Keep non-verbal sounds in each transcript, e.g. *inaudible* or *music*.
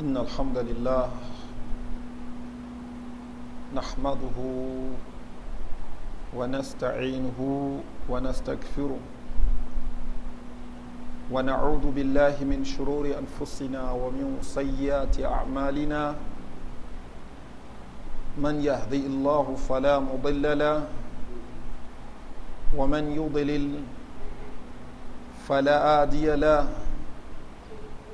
إن الحمد لله نحمده ونستعينه ونستغفره ونعوذ بالله من شرور أنفسنا ومن سيئات أعمالنا من يهدي الله فلا مضل له ومن يضلل فلا آدي له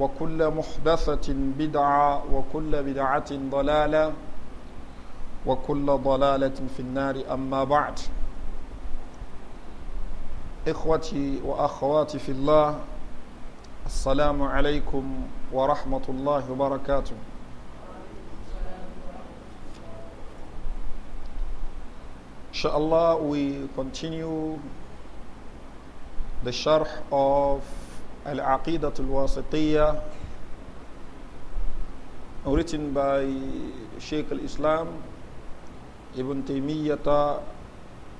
وكل محدثة بدعة وكل بدعة ضلالة وكل ضلالة في النار أما بعد إخوتي وأخواتي في الله السلام عليكم ورحمة الله وبركاته Inshallah, we continue the sharh of Al-Aqidat al-Wasitiyya written by Sheikh al-Islam Ibn Taymiyyah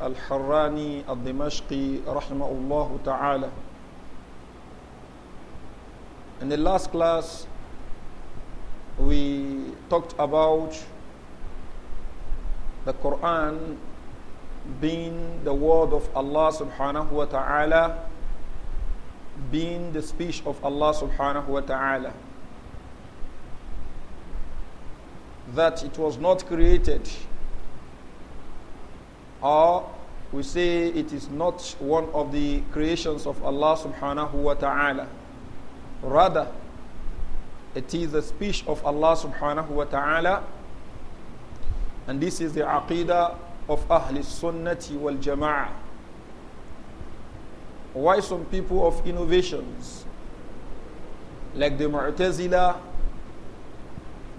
al-Harrani al-Dimashqi rahimahullah ta'ala In the last class we talked about the Quran being the word of Allah subhanahu wa ta'ala being the speech of Allah subhanahu wa ta'ala. That it was not created, or we say it is not one of the creations of Allah subhanahu wa ta'ala. Rather, it is the speech of Allah subhanahu wa ta'ala, and this is the aqidah of Ahl Sunnati wal Jama'ah. Why some people of innovations, like the Mu'tazila,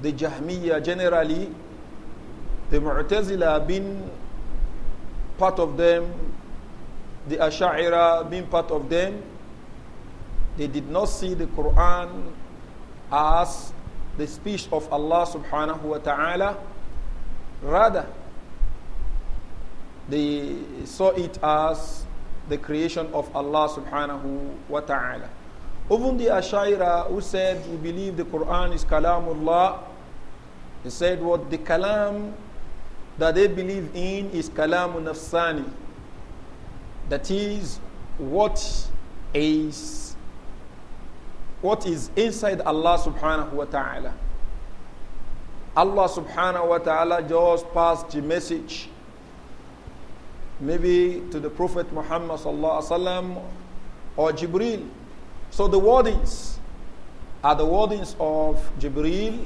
the Jahmiyyah generally, the Mu'tazila being part of them, the Ash'ira being part of them, they did not see the Quran as the speech of Allah subhanahu wa ta'ala. Rather, they saw it as the creation of Allah subhanahu wa ta'ala. Even the Ashaira who said we believe the Quran is Kalamullah, he said what the Kalam that they believe in is Kalamun Nafsani. That is what is what is inside Allah subhanahu wa ta'ala. Allah subhanahu wa ta'ala just passed the message maybe to the Prophet Muhammad وسلم, or Jibril. So the wordings are the wordings of Jibril,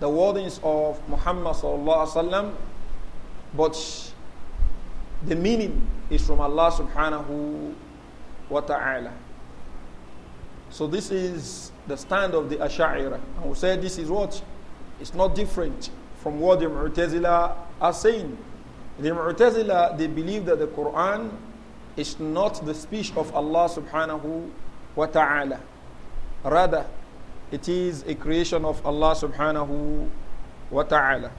the wordings of Muhammad وسلم, but the meaning is from Allah subhanahu wa ta'ala. So this is the stand of the Ash'ira. And we say this is what? It's not different from what the Mu'tazila are saying. The Mu'tazila, they believe that the Quran is not the speech of Allah subhanahu wa ta'ala. Rather, it is a creation of Allah subhanahu wa ta'ala.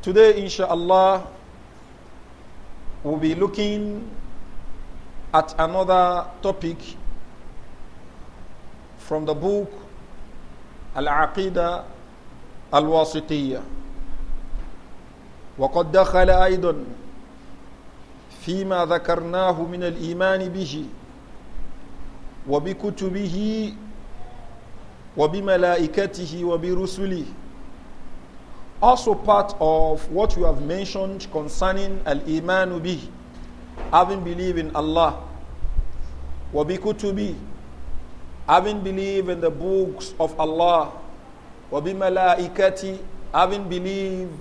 Today, inshallah, we'll be looking at another topic from the book Al-Aqidah Al-Wasitiyah. وقد دخل أيضا فيما ذكرناه من الإيمان به وبكتبه وبملائكته وبرسله also part of what you have mentioned concerning al-iman bih having believed in Allah wa bi kutubi having believed in the books of Allah wa bi malaikati having believed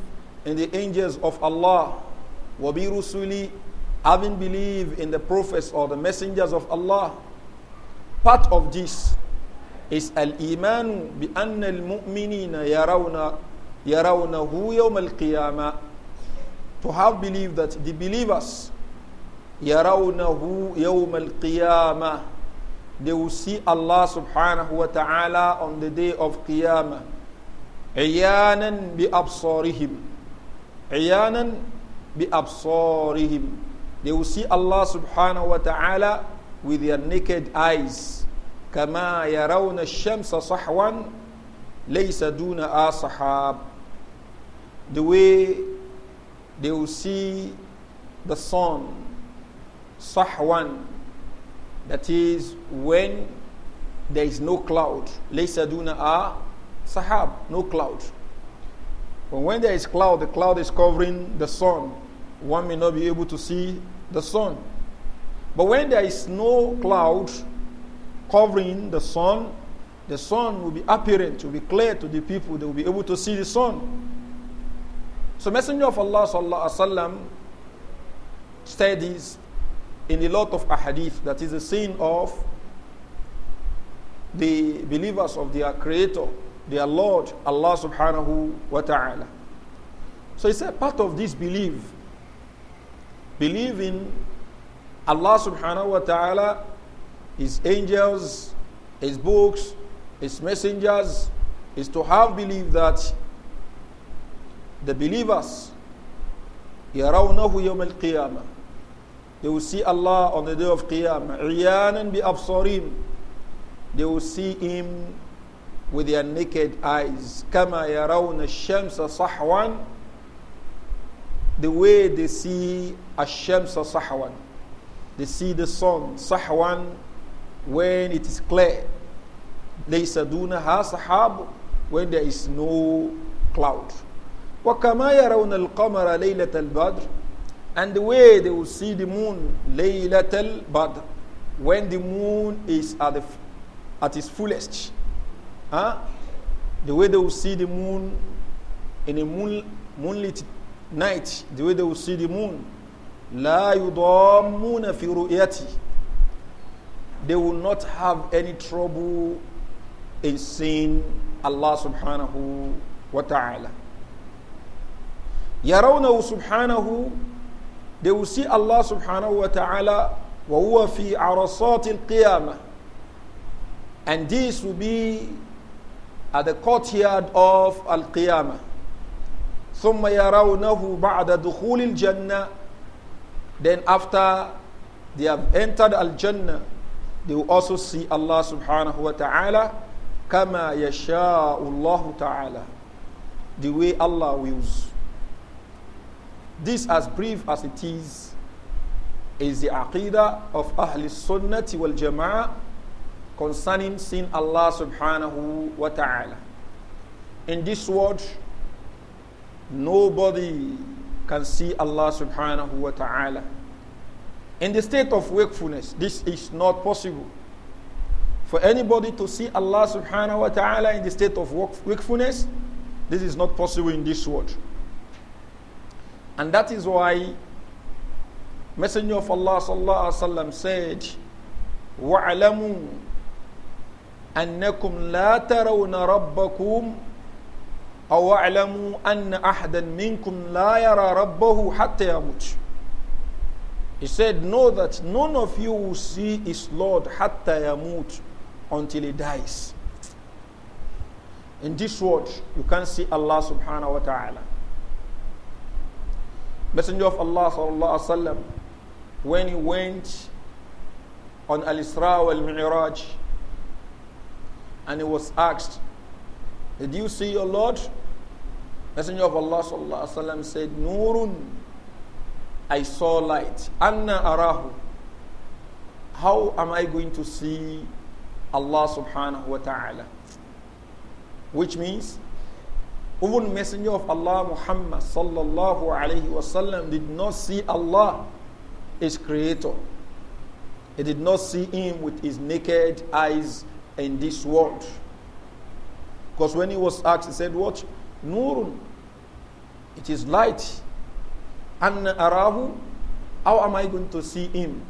in the angels of Allah, wabi rusuli, having believed in the prophets or the messengers of Allah. Part of this is al-iman bi anna al-mu'minina yarawna hu yawm al-qiyamah. To have believed that the believers hu yawm al-qiyamah. They will see Allah subhanahu wa ta'ala on the day of qiyamah. عيانا بأبصارهم عيانا بأبصارهم they will see Allah subhanahu wa ta'ala with their naked eyes كما يرون الشمس صحوا ليس دون أصحاب the way they will see the sun صحوا that is when there is no cloud ليس دون أصحاب no cloud But when there is cloud, the cloud is covering the sun. One may not be able to see the sun. But when there is no cloud covering the sun, the sun will be apparent, will be clear to the people. They will be able to see the sun. So Messenger of Allah sallallahu alaihi wasallam said this in a lot of ahadith. That is the sin of the believers of their Creator their Lord, Allah subhanahu wa ta'ala. So he said part of this belief, believing in Allah subhanahu wa ta'ala, His angels, His books, His messengers, is to have belief that the believers يَرَوْنَهُ يَوْمَ الْقِيَامَةِ They will see Allah on the day of Qiyamah. عِيَانًا بِأَبْصَارِهِمْ They will see Him with their naked eyes. Kama يرون shamsa sahwan. The way they see الشمس sahwan. They see the sun sahwan when it is clear. Laysa دونها sahab when there is no cloud. وَكَمَا يَرَوْنَ الْقَمَرَ لَيْلَةَ الْبَدْرِ And the way they will see the moon, لَيْلَةَ الْبَدْرِ When the moon is at, the, at its fullest. Huh? The way they will see the moon in a moon, moonlit night, the way they will see the moon. la yudamuna في They will not have any trouble in seeing Allah subhanahu wa ta'ala. يرونه Subhanahu, They will see Allah subhanahu wa ta'ala وهو في al القيامة And this will be at the courtyard of Al Qiyamah. ثم يرونه بعد دخول الجنة Then after they have entered Al Jannah, they will also see Allah سبحانه وتعالى كما يشاء الله تعالى The way Allah wills. This as brief as it is, is the aqidah of Ahl al-Sunnah wal Jama'ah concerning seeing Allah subhanahu wa ta'ala. In this world, nobody can see Allah subhanahu wa ta'ala. In the state of wakefulness, this is not possible. For anybody to see Allah subhanahu wa ta'ala in the state of wakefulness, this is not possible in this world. And that is why Messenger of Allah sallallahu alaihi wasallam said, وَعَلَمُوا أنكم لا ترون ربكم أو اعلموا أن أحدا منكم لا يرى ربه حتى يموت He said, Know that none of you will see his Lord حتى يموت until he dies. In this world, you can see Allah subhanahu wa ta'ala. Messenger of Allah sallallahu alayhi wa sallam, when he went on Al Isra wal Mi'raj, and he was asked, Did you see your Lord? Messenger of Allah sallallahu alaihi wasallam said, Nurun, I saw light. Anna arahu. How am I going to see Allah subhanahu wa ta'ala? Which means, even Messenger of Allah Muhammad sallallahu alaihi wasallam did not see Allah, his creator. He did not see him with his naked eyes in this world. Because when he was asked, he said, What? Nurun. It is light. And arahu. How am I going to see him?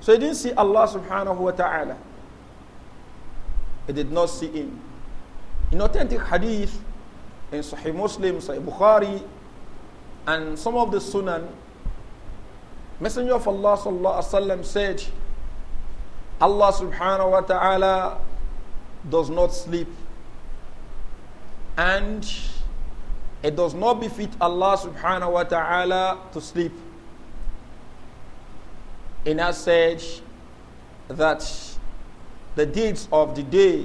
So he didn't see Allah subhanahu wa ta'ala. He did not see him. In authentic hadith, in Sahih Muslim, Sahih Bukhari, and some of the Sunan, Messenger of Allah sallallahu alaihi wasallam said, Allah subhanahu wa ta'ala does not sleep. And it does not befit Allah subhanahu wa ta'ala to sleep. In has said that the deeds of the day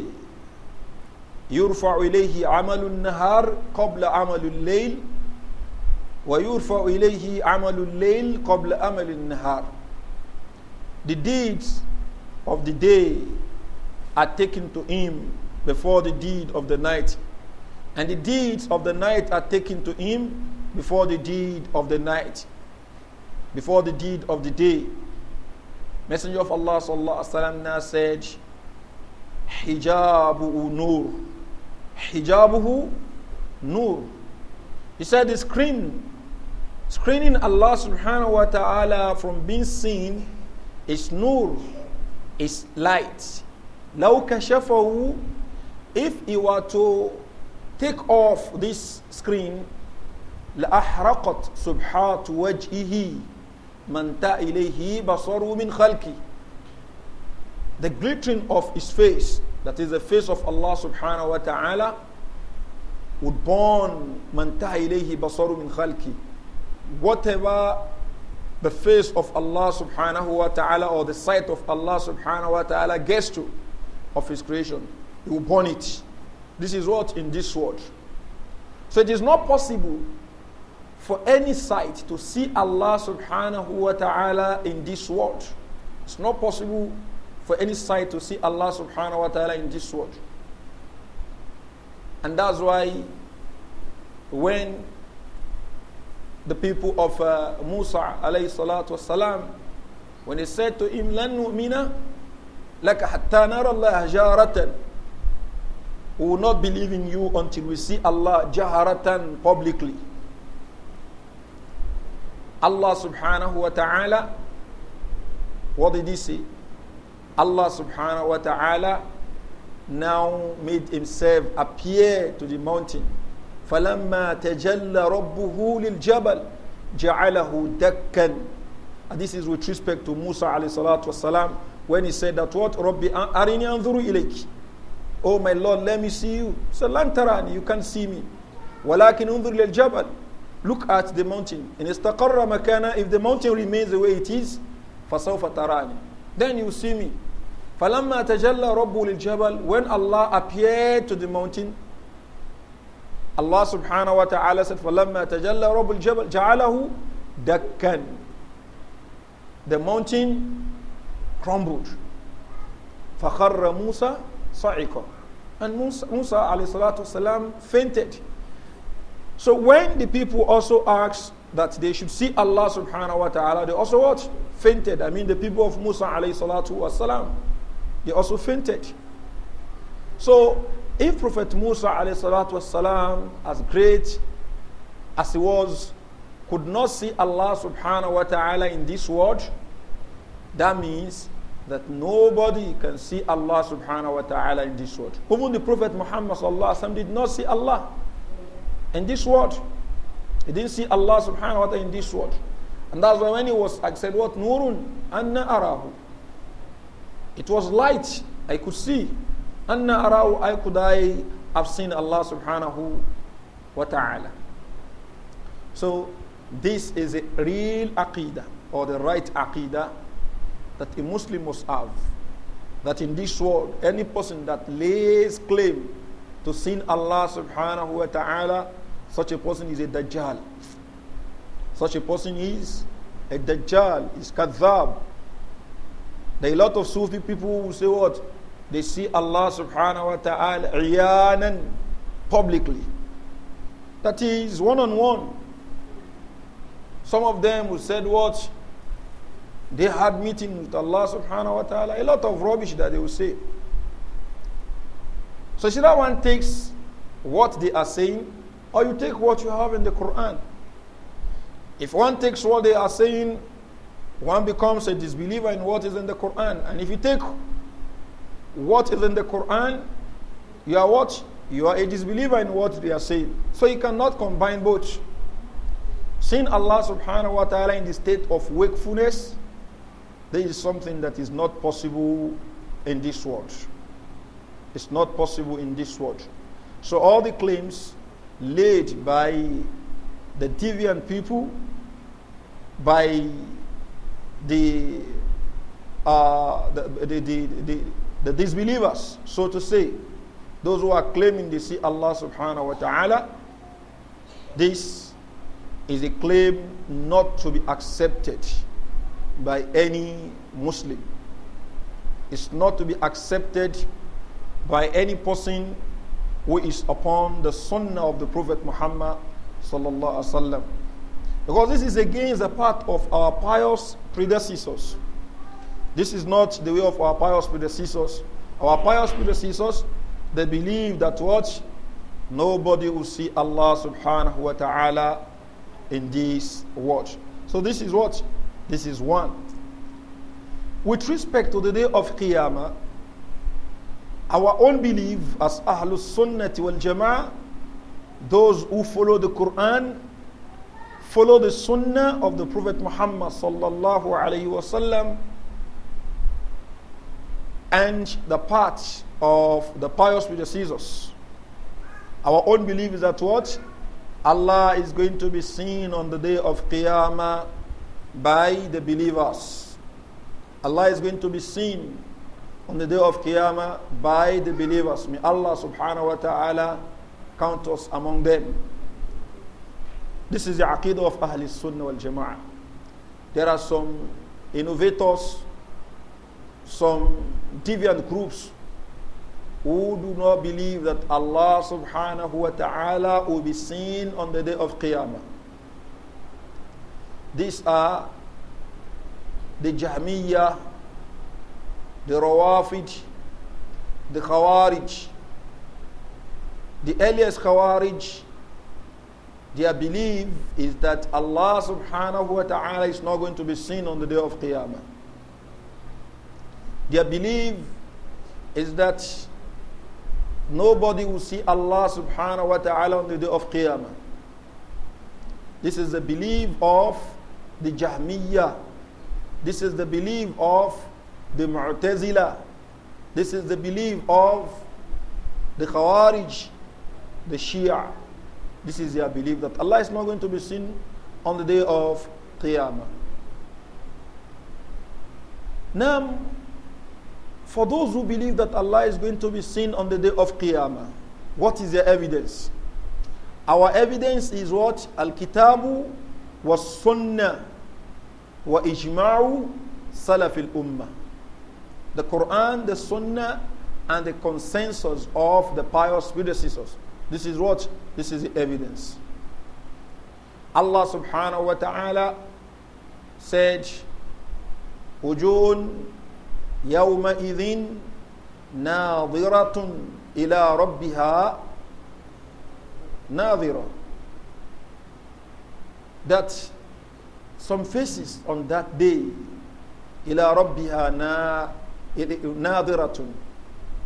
يرفع إليه عمل النهار قبل عمل الليل ويرفع إليه عمل الليل قبل عمل النهار The deeds of the day are taken to him before the deed of the night. And the deeds of the night are taken to him before the deed of the night, before the deed of the day. Messenger of Allah sallallahu alaihi wasallam said, "Hijabu nur, Hijabu nur." He said, "The screen, screening Allah subhanahu wa taala from being seen, is nur." is light. Now, كشفه if he were to take off this screen لأحرقت سبحات وجهه من إليه بصره من the glittering of his face that is the face of Allah subhanahu wa ta'ala would burn من إليه بصره من whatever the face of Allah subhanahu wa ta'ala or the sight of Allah subhanahu wa ta'ala gets to of his creation. He will burn it. This is what in this world. So it is not possible for any sight to see Allah subhanahu wa ta'ala in this world. It's not possible for any sight to see Allah subhanahu wa ta'ala in this world. And that's why when the people of uh, Musa alayhi salatu wasalam when they said to him, لَن نُؤْمِنَ laka hatta nara Allah جَارَةً We will not believe in you until we see Allah jaharatan publicly. Allah subhanahu wa ta'ala, what did he say? Allah subhanahu wa ta'ala now made himself appear to the mountain. فلما تجلى ربه للجبل جعله دكا and this is with respect to Musa alayhi salatu wasalam when he said that what Rabbi arini anzuru ilayk oh my lord let me see you so lan tarani you can see me ولكن انظر إلى الجبل look at the mountain in istaqarra makana if the mountain remains the way it is fasawfa tarani then you see me فَلَمَّا tajalla رَبُّهُ لِلْجَبَلِ when Allah appeared to the mountain الله سبحانه وتعالى said, فَلَمَّا تَجَلَّى رَبُّ الْجَبَلْ جَعَلَهُ دَكًّا The mountain crumbled. فَخَرَّ موسى صَعِقًا And موسى, Musa alayhi salatu salam fainted. So when the people also asked that they should see Allah subhanahu wa ta'ala, they also what? Fainted. I mean the people of Musa alayhi salatu wa salam they also fainted. So If Prophet Musa والسلام, as great as he was, could not see Allah subhanahu wa ta'ala in this world, that means that nobody can see Allah subhanahu wa ta'ala in this world. Even the Prophet Muhammad وسلم did not see Allah in this world. He didn't see Allah subhanahu wa ta'ala in this world. And that's why when he was I said, What? Nurun anna arahu. It was light, I could see. Anna arau I could I have seen Allah subhanahu wa ta'ala. So this is a real aqidah or the right aqidah that a Muslim must have. That in this world, any person that lays claim to seeing Allah subhanahu wa ta'ala, such a person is a dajjal. Such a person is a dajjal, is kadhab. There are a lot of Sufi people who say what? They see Allah subhanahu wa ta'ala iyanan publicly. That is one on one. Some of them who said what? They had meeting with Allah subhanahu wa ta'ala. A lot of rubbish that they will say. So should that one takes what they are saying, or you take what you have in the Quran. If one takes what they are saying, one becomes a disbeliever in what is in the Quran. And if you take what is in the Quran, you are what? You are a disbeliever in what they are saying. So you cannot combine both. Seeing Allah subhanahu wa ta'ala in the state of wakefulness, there is something that is not possible in this world. It's not possible in this world. So all the claims laid by the deviant people, by the, uh, the, the, the, the the disbelievers, so to say, those who are claiming they see Allah subhanahu wa ta'ala, this is a claim not to be accepted by any Muslim. It's not to be accepted by any person who is upon the sunnah of the Prophet Muhammad sallallahu alaihi wasallam. Because this is against the path of our pious predecessors. This is not the way of our pious predecessors. Our pious predecessors, they believe that what? Nobody will see Allah subhanahu wa ta'ala in this world. So this is what? This is one. With respect to the day of Qiyamah, our own belief as Ahlus Sunnah wal Jama'ah, those who follow the Quran, follow the Sunnah of the Prophet Muhammad sallallahu alayhi wa sallam, and the path of the pious predecessors. Our own belief is that what? Allah is going to be seen on the day of Qiyamah by the believers. Allah is going to be seen on the day of Qiyamah by the believers. May Allah subhanahu wa ta'ala count us among them. This is the aqidah of Ahlul Sunnah wal Jama'ah. There are some innovators some deviant groups who do not believe that Allah subhanahu wa ta'ala will be seen on the day of Qiyamah. These are the Jahmiyyah, the Rawafid, the Khawarij. The earliest Khawarij, their belief is that Allah subhanahu wa ta'ala is not going to be seen on the day of Qiyamah. Their belief is that nobody will see Allah subhanahu wa ta'ala on the day of Qiyamah. This is the belief of the Jahmiyyah. This is the belief of the Mu'tazila. This is the belief of the Khawarij, the Shia. This is their belief that Allah is not going to be seen on the day of Qiyamah. Now, for those who believe that Allah is going to be seen on the day of Qiyamah, what is their evidence? Our evidence is what? Al Kitabu was Sunnah wa Ijma'u Salafil Ummah. The Quran, the Sunnah, and the consensus of the pious predecessors. This is what? This is the evidence. Allah subhanahu wa ta'ala said, Ujun yàwùmá ìdín nàdírátún ilá rọ́bì ha that some faces on that day ilá rọ́bì ha nàdírátún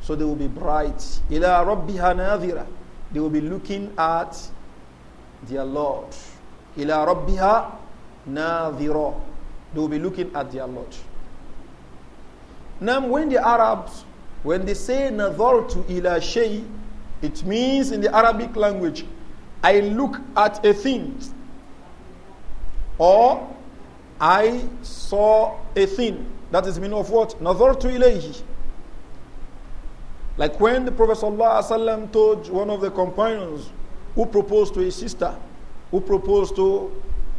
so they will be bright ilá rọ́bì ha they will be looking at their lord ilá rọ́bì ha they will be looking at their lord. Now, when the Arabs, when they say nazartu ila shay, it means in the Arabic language, I look at a thing, or I saw a thing. That is the meaning of what? Nazartu ilayhi. Like when the Prophet ﷺ told one of the companions who proposed to his sister, who proposed to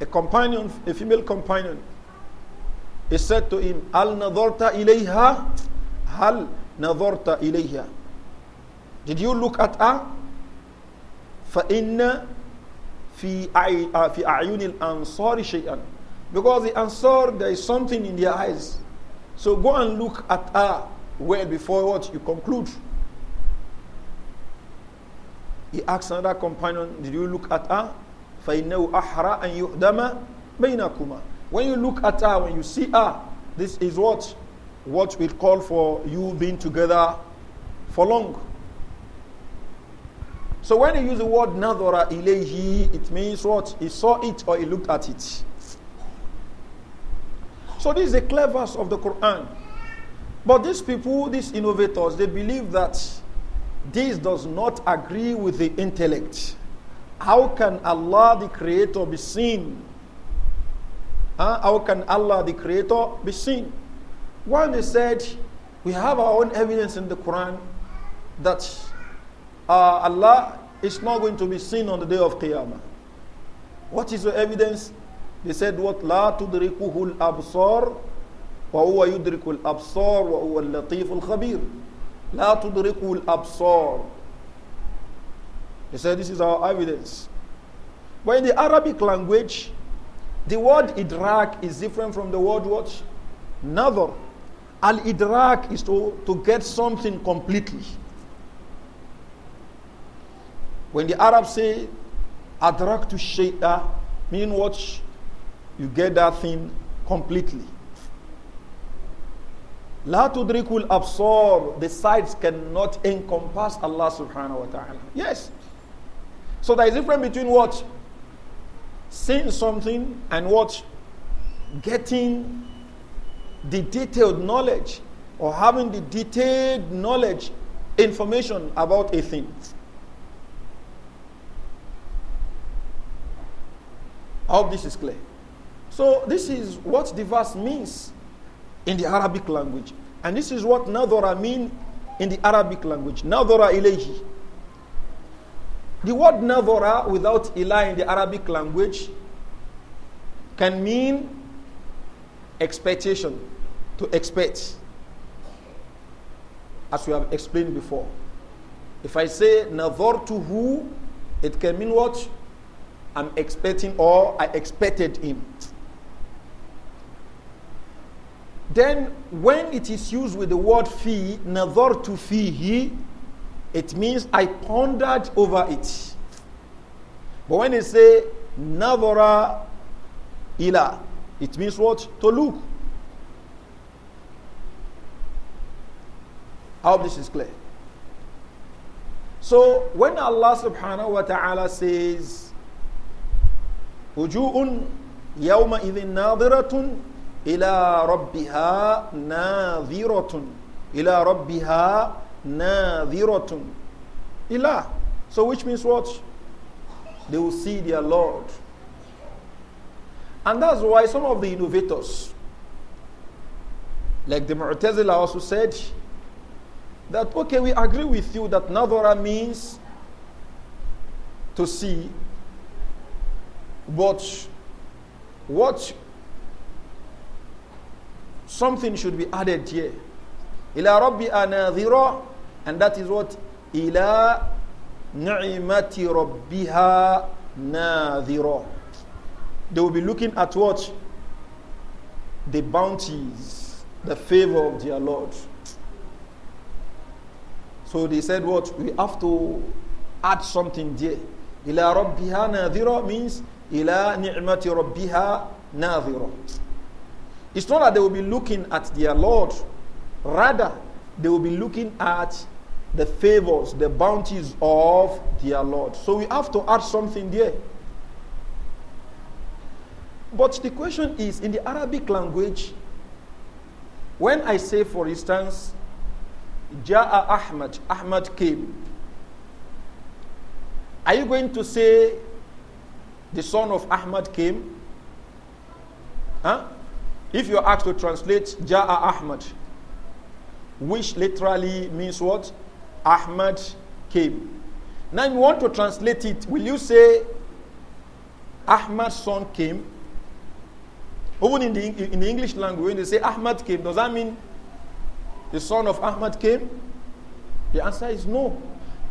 a companion, a female companion, he said to him, Al nadorta ilayha? Hal nadorta ilayha? Did you look at her? فَإِنَّ fi أَعْيُنِ uh, il-ansāri shay'an, Because the Ansar, there is something in their eyes. So go and look at her well before what you conclude. He asked another companion, Did you look at her? فَإِنَّهُ أَحْرَى أَن يُؤْدَمَ بَيْنَكُمَا when you look at her, when you see her, this is what what will call for you being together for long. So when you use the word nadhara ilayhi, it means what? He saw it or he looked at it. So this is the cleverness of the Quran. But these people, these innovators, they believe that this does not agree with the intellect. How can Allah, the Creator, be seen Huh? How can Allah, the Creator, be seen? One they said, we have our own evidence in the Quran that uh, Allah is not going to be seen on the day of Qiyamah. What is the evidence? They said, what? لا تدركه الأبصار وهو يدرك الأبصار وهو اللطيف الخبير لا تدركه الأبصار They said, this is our evidence. But in the Arabic language, the word idrak is different from the word what? Neither, Al idrak is to, to get something completely. When the Arabs say adrak to shay'a, mean what? You get that thing completely. La tudrikul absor, the sides cannot encompass Allah subhanahu wa ta'ala. Yes. So there is a difference between what? saying something and what getting the detailed knowledge or having the detailed knowledge information about a thing I hope this is clear. So this is what the verse means in the Arabic language. And this is what nadhara mean in the Arabic language. Nadhara ilayhi. The word nadhara without Eli in the Arabic language can mean expectation, to expect, as we have explained before. If I say navor to who, it can mean what? I'm expecting or I expected him. Then when it is used with the word fi, navor to fi he. It means I pondered over it. But when they say Navara Ila, it means what? To look. I hope this is clear. So when Allah subhanahu wa ta'ala says, وجوء idin ناظرة ila ربها ناظرة ila ربها nadhiratun ila. So which means what? They will see their Lord. And that's why some of the innovators, like the Mu'tazila also said, that okay, we agree with you that nadhara means to see, but what something should be added here. Ila rabbi anadhira and that is what? Ila ni'mati rabbiha nadhira. They will be looking at what? The bounties, the favor of their Lord. So they said what? We have to add something there. Ila rabbiha nadhira means ila ni'mati rabbiha nadhira. It's not that they will be looking at their Lord. Rather, they will be looking at the favors, the bounties of their Lord. So we have to add something there. But the question is in the Arabic language, when I say, for instance, Ja'a Ahmad, Ahmad came, are you going to say the son of Ahmad came? Huh? If you're asked to translate Ja'a Ahmad, which literally means what? Ahmad came. Now, if you want to translate it, will you say Ahmad's son came? Even in the, in the English language, when they say Ahmad came, does that mean the son of Ahmad came? The answer is no.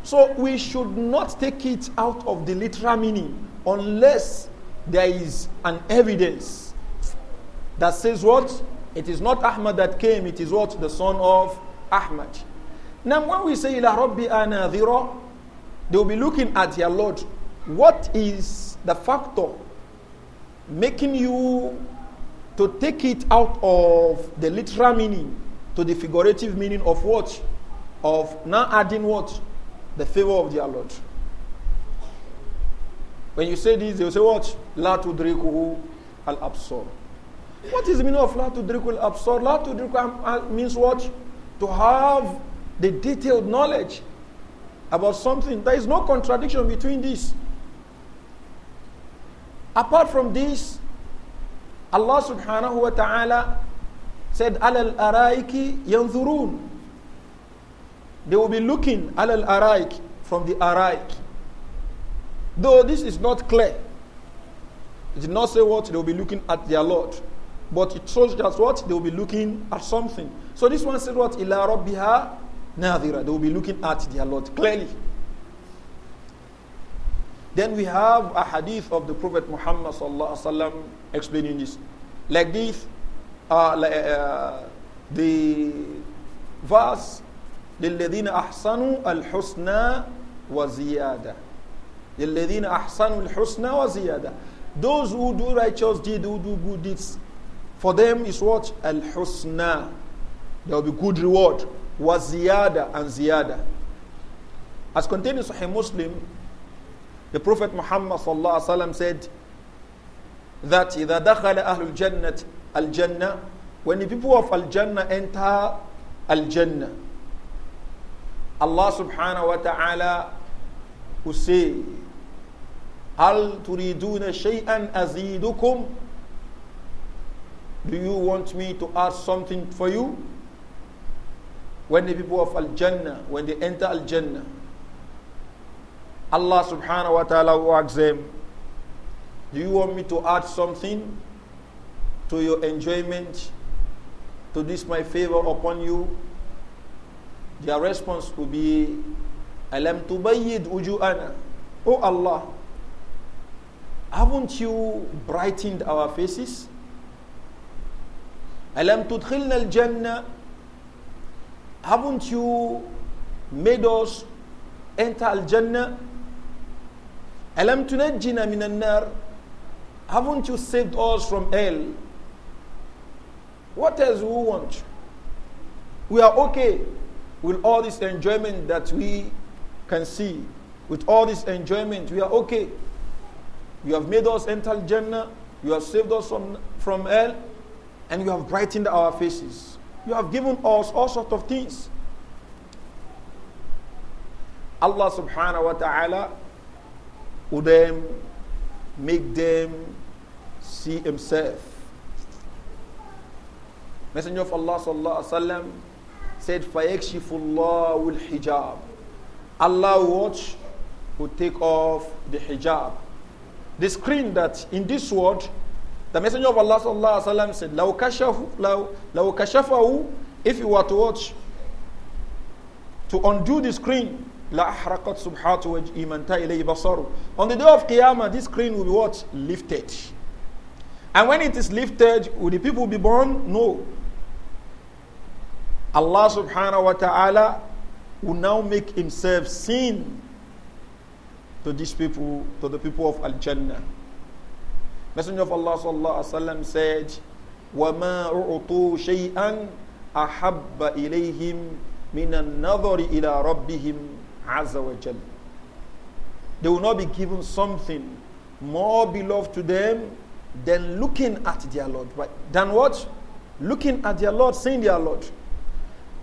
So we should not take it out of the literal meaning unless there is an evidence that says what? It is not Ahmad that came, it is what? The son of Ahmad. Now, when we say ila rabbi anadhira, they will be looking at their Lord. What is the factor making you to take it out of the literal meaning to the figurative meaning of what? Of now adding what? The favor of their Lord. When you say this, they will say what? La tudrikuhu al absor. What is the meaning of la tudrikuhu al absor? La tudrikuhu means what? To have the detailed knowledge about something. There is no contradiction between this. Apart from this, Allah subhanahu wa ta'ala said, Alal araiki yanzurun. They will be looking, Alal araik, from the araik. Though this is not clear, it did not say what they will be looking at their Lord. But it shows that what they will be looking at something. So this one said what? Ila rabbiha Nadhira, they will be looking at their Lord clearly. Then we have a hadith of the Prophet Muhammad wasallam explaining this. Like this, uh, uh, uh, the verse, لِلَّذِينَ أَحْسَنُوا الْحُسْنَى وَزِيَادَةً الذين أَحْسَنُوا الْحُسْنَى وَزِيَادَةً Those who do righteous deeds, who do good deeds, for them is what? al There will be good reward was ziyada and ziyada. As contained in Sahih Muslim, the Prophet Muhammad said that إِذَا دَخَلَ أَهْلُ الْجَنَّةِ الْجَنَّةِ When the people of Al-Jannah enter Al-Jannah, Allah subhanahu wa ta'ala will say, هل تريدون شيئا أزيدكم Do you want me to ask something for you? when the people of Al Jannah, when they enter Al Jannah, Allah subhanahu wa ta'ala will ask them, Do you want me to add something to your enjoyment, to this my favor upon you? Their response will be, Alam tubayyid uju'ana. Oh Allah, haven't you brightened our faces? Alam tudkhilna al-jannah haven't you made us enter Al-Jannah? Alam Haven't you saved us from hell? What else do we want? We are okay with all this enjoyment that we can see. With all this enjoyment, we are okay. You have made us enter Jannah. You have saved us from, from hell. And you have brightened our faces you have given us all sorts of things. Allah subhanahu wa ta'ala would make them see himself. Messenger of Allah sallallahu alaihi wasallam said, فَيَكْشِفُ اللَّهُ الْحِجَابِ Allah watch who take off the hijab. The screen that in this world the Messenger of Allah sallallahu alaihi wasallam said, "Law kashafu, law, law kashafahu, if you were to watch, to undo the screen, la ahrakat subhatu imanta ilay basaru. On the day of Qiyamah, this screen will be what lifted. And when it is lifted, will the people be born? No. Allah subhanahu wa taala will now make Himself seen to these people, to the people of Al Jannah. Messenger of Allah sallallahu alaihi wasallam said, وَمَا أُعْطُوا شَيْئًا أَحَبَّ إِلَيْهِمْ مِنَ النَّظَرِ إِلَىٰ رَبِّهِمْ عَزَّ وَجَلَّ They will not be given something more beloved to them than looking at their Lord. Right? Than what? Looking at their Lord, seeing their Lord.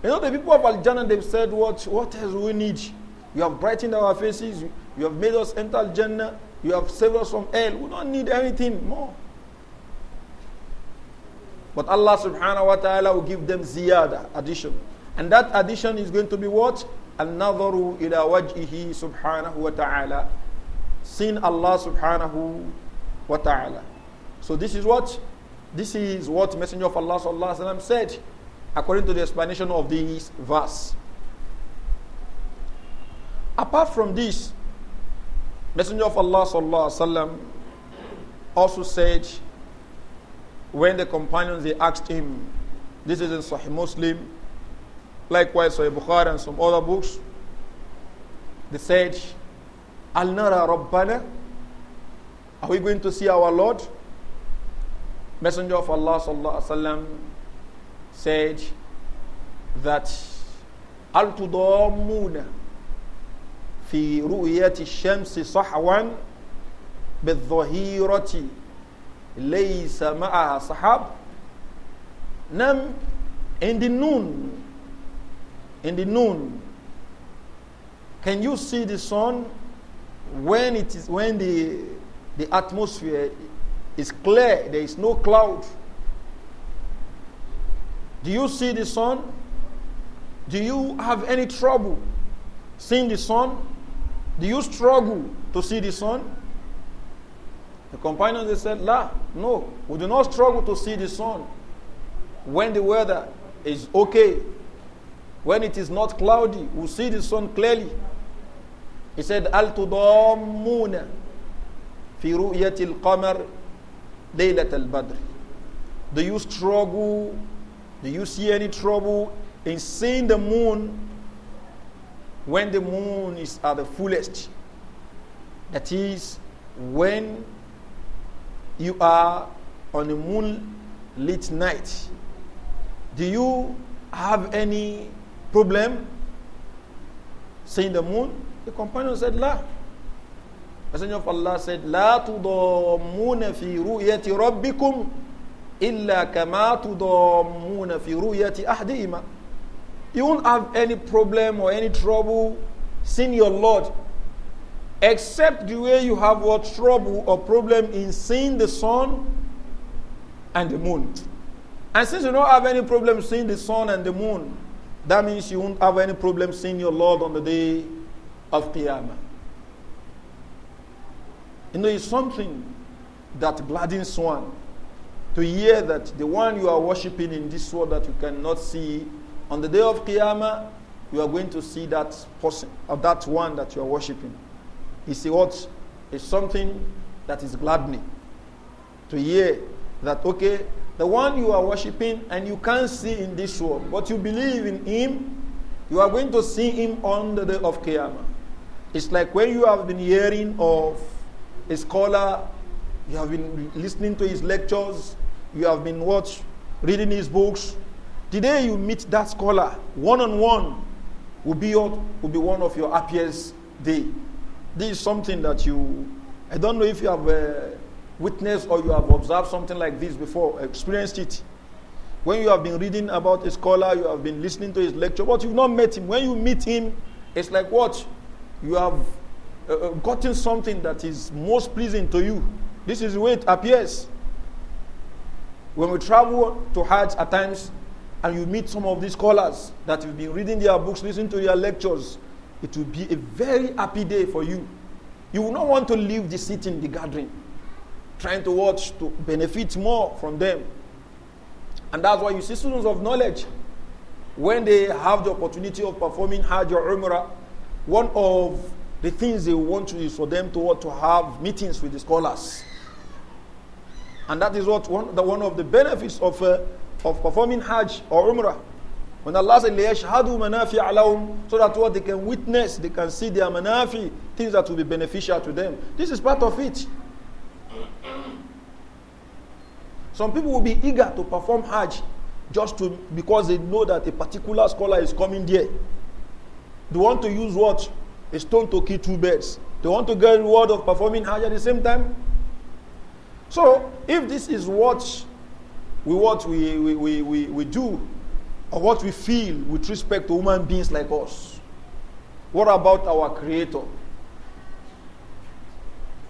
You know, the people of Al-Jannah, they've said, what, what else we need? You have brightened our faces. You have made us enter Jannah. You have saved us from hell. We don't need anything more. But Allah subhanahu wa ta'ala will give them ziyada, addition. And that addition is going to be what? Another nadharu ila waj'ihi subhanahu wa ta'ala. seen Allah subhanahu wa ta'ala. So this is what? This is what Messenger of Allah sallallahu alayhi wa said according to the explanation of this verse. Apart from this, Messenger of Allah وسلم, also said, when the companions they asked him, this is in Sahih Muslim, likewise Sahih Bukhari and some other books, they said, Al Nara Rabbana, are we going to see our Lord? Messenger of Allah وسلم, said that Al Tudamuna في رؤية الشمس صحوا بالظهيرة ليس معها صحاب نم in the noon in the noon can you see the sun when it is when the the atmosphere is clear there is no cloud do you see the sun do you have any trouble seeing the sun do you struggle to see the sun? The companions they said, La, no, we do not struggle to see the sun when the weather is okay, when it is not cloudy, we see the sun clearly. He said, Al tudammuna firuyatil qamar laylat al badr. Do you struggle? Do you see any trouble in seeing the moon when the moon is at the fullest, that is, when you are on a moonlit night, do you have any problem seeing the moon? The companion said, La. Messenger of Allah said, "La to moon لا تضامون في رؤية ربكم إلا كما تضامون في رؤية أحدهما you won't have any problem or any trouble seeing your Lord, except the way you have what trouble or problem in seeing the sun and the moon. And since you don't have any problem seeing the sun and the moon, that means you won't have any problem seeing your Lord on the day of Qiyamah. You know, it's something that gladdens one to hear that the one you are worshiping in this world that you cannot see on the day of Qiyamah, you are going to see that person, or uh, that one that you are worshipping. It's a what? It's something that is gladdening to hear that, okay, the one you are worshipping and you can't see in this world, but you believe in him, you are going to see him on the day of Qiyamah. It's like when you have been hearing of a scholar, you have been listening to his lectures, you have been watching, Reading his books, the day you meet that scholar, one on one, will be, your, will be one of your happiest day. This is something that you, I don't know if you have uh, witnessed or you have observed something like this before, experienced it. When you have been reading about a scholar, you have been listening to his lecture, but you've not met him. When you meet him, it's like what? You have uh, uh gotten something that is most pleasing to you. This is the way it appears. When we travel to Hajj at times, and you meet some of these scholars that you've been reading their books, listening to their lectures, it will be a very happy day for you. You will not want to leave the sitting, the gathering, trying to watch to benefit more from them. And that's why you see students of knowledge, when they have the opportunity of performing Hajj or Umrah, one of the things they want to is for them to, to have meetings with the scholars. And that is what one, the, one of the benefits of uh, of performing Hajj or Umrah. When Allah said, لِيَشْهَدُوا مَنَافِعَ لَهُمْ So that what they can witness, they can see their manafi, things that will be beneficial to them. This is part of it. Some people will be eager to perform Hajj just to, because they know that a particular scholar is coming there. They want to use what? A stone to kill two birds. They want to get reward of performing Hajj at the same time. So, if this is what we what we, we, we, we, we do or what we feel with respect to human beings like us. What about our Creator?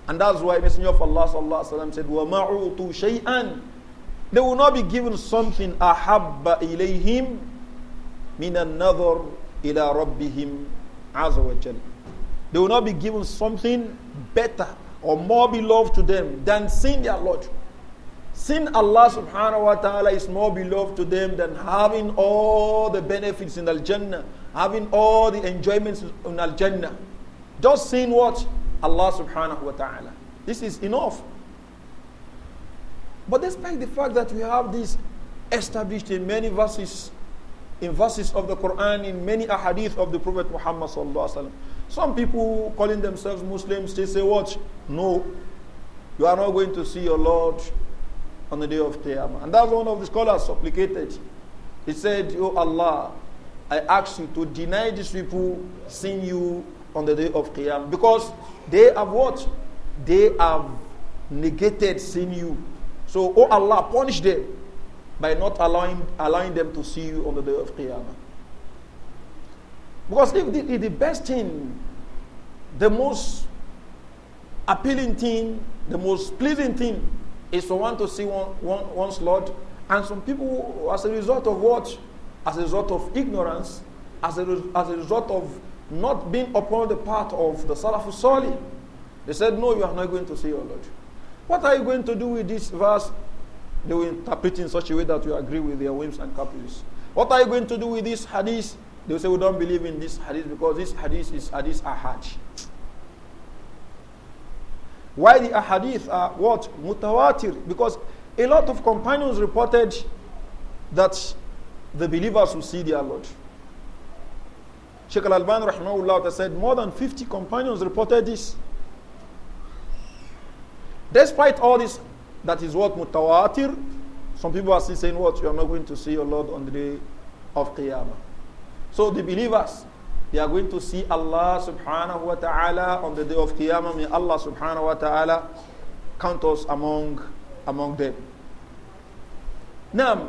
And that's why Messenger of Allah sallallahu alaihi wasallam said, وَمَعُوتُ شَيْئًا They will not be given something أَحَبَّ إِلَيْهِمْ مِنَ النَّظَرِ إِلَى رَبِّهِمْ عَزَ وَجَلَّ They will not be given something better or more beloved to them than seeing their Lord. Seeing Allah subhanahu wa ta'ala is more beloved to them than having all the benefits in Al Jannah, having all the enjoyments in Al Jannah. Just seeing what? Allah subhanahu wa ta'ala. This is enough. But despite the fact that we have this established in many verses, in verses of the Quran, in many ahadith of the Prophet Muhammad some people calling themselves Muslims, they say, "What? No, you are not going to see your Lord on the day of Qiyamah. And that's one of the scholars supplicated. He said, "O oh Allah, I ask you to deny these people seeing you on the day of Qiyamah. Because they have what? They have negated seeing you. So, oh Allah, punish them by not allowing, allowing them to see you on the day of Qiyamah. Because if the, if the best thing, the most appealing thing, the most pleasing thing is for one to see one, one, one's Lord. And some people, as a result of what? As a result of ignorance, as a, as a result of not being upon the path of the Salafus Salih, they said, No, you are not going to see your Lord. What are you going to do with this verse? They will interpret in such a way that you agree with their whims and caprices. What are you going to do with this hadith? They will say, We don't believe in this hadith because this hadith is hadith ahaj. Why the ahadith are what? Mutawatir. Because a lot of companions reported that the believers will see their Lord. Sheikh Al-Alban rahimahullah said more than 50 companions reported this. Despite all this, that is what mutawatir, some people are still saying what? You are not going to see your Lord on the day of Qiyamah. So the believers, they are going to see Allah subhanahu wa ta'ala on the day of Qiyamah. May Allah subhanahu wa ta'ala count us among, among them. Now,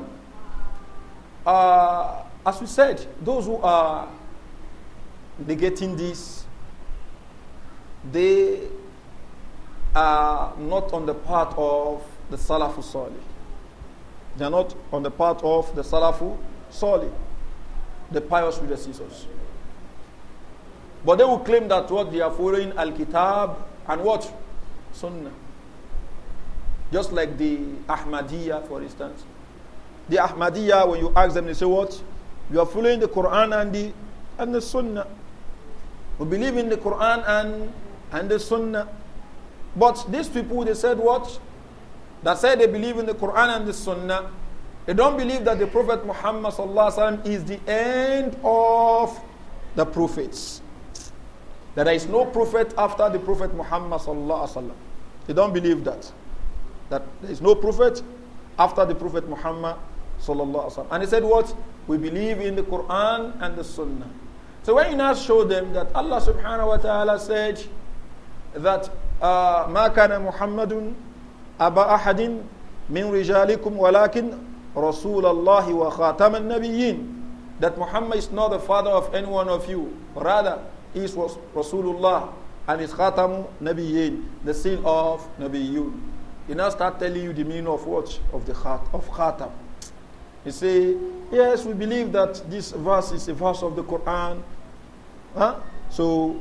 uh, as we said, those who are negating this, they are not on the part of the Salafu Salih. They are not on the part of the Salafu Salih, the pious predecessors. But they will claim that what they are following Al Kitab and what? Sunnah. Just like the Ahmadiyya, for instance. The Ahmadiyya, when you ask them, they say, What? You are following the Quran and the, and the Sunnah. We believe in the Quran and, and the Sunnah. But these people, they said, What? That said they believe in the Quran and the Sunnah. They don't believe that the Prophet Muhammad is the end of the prophets that there is no prophet after the prophet Muhammad sallallahu alaihi wasallam. They don't believe that. That there is no prophet after the prophet Muhammad sallallahu alaihi wasallam. And he said what? We believe in the Quran and the Sunnah. So when you now show them that Allah subhanahu wa ta'ala said that ما كان محمد أبا أحد من رجالكم ولكن رسول الله وخاتم النبيين that Muhammad is not the father of any one of you rather is Rasulullah and is Khatam Nabiyyin, the seal of Nabiyyun. He now start telling you the meaning of what? Of the heart, of Khatam. He say, yes, we believe that this verse is a verse of the Quran. Huh? So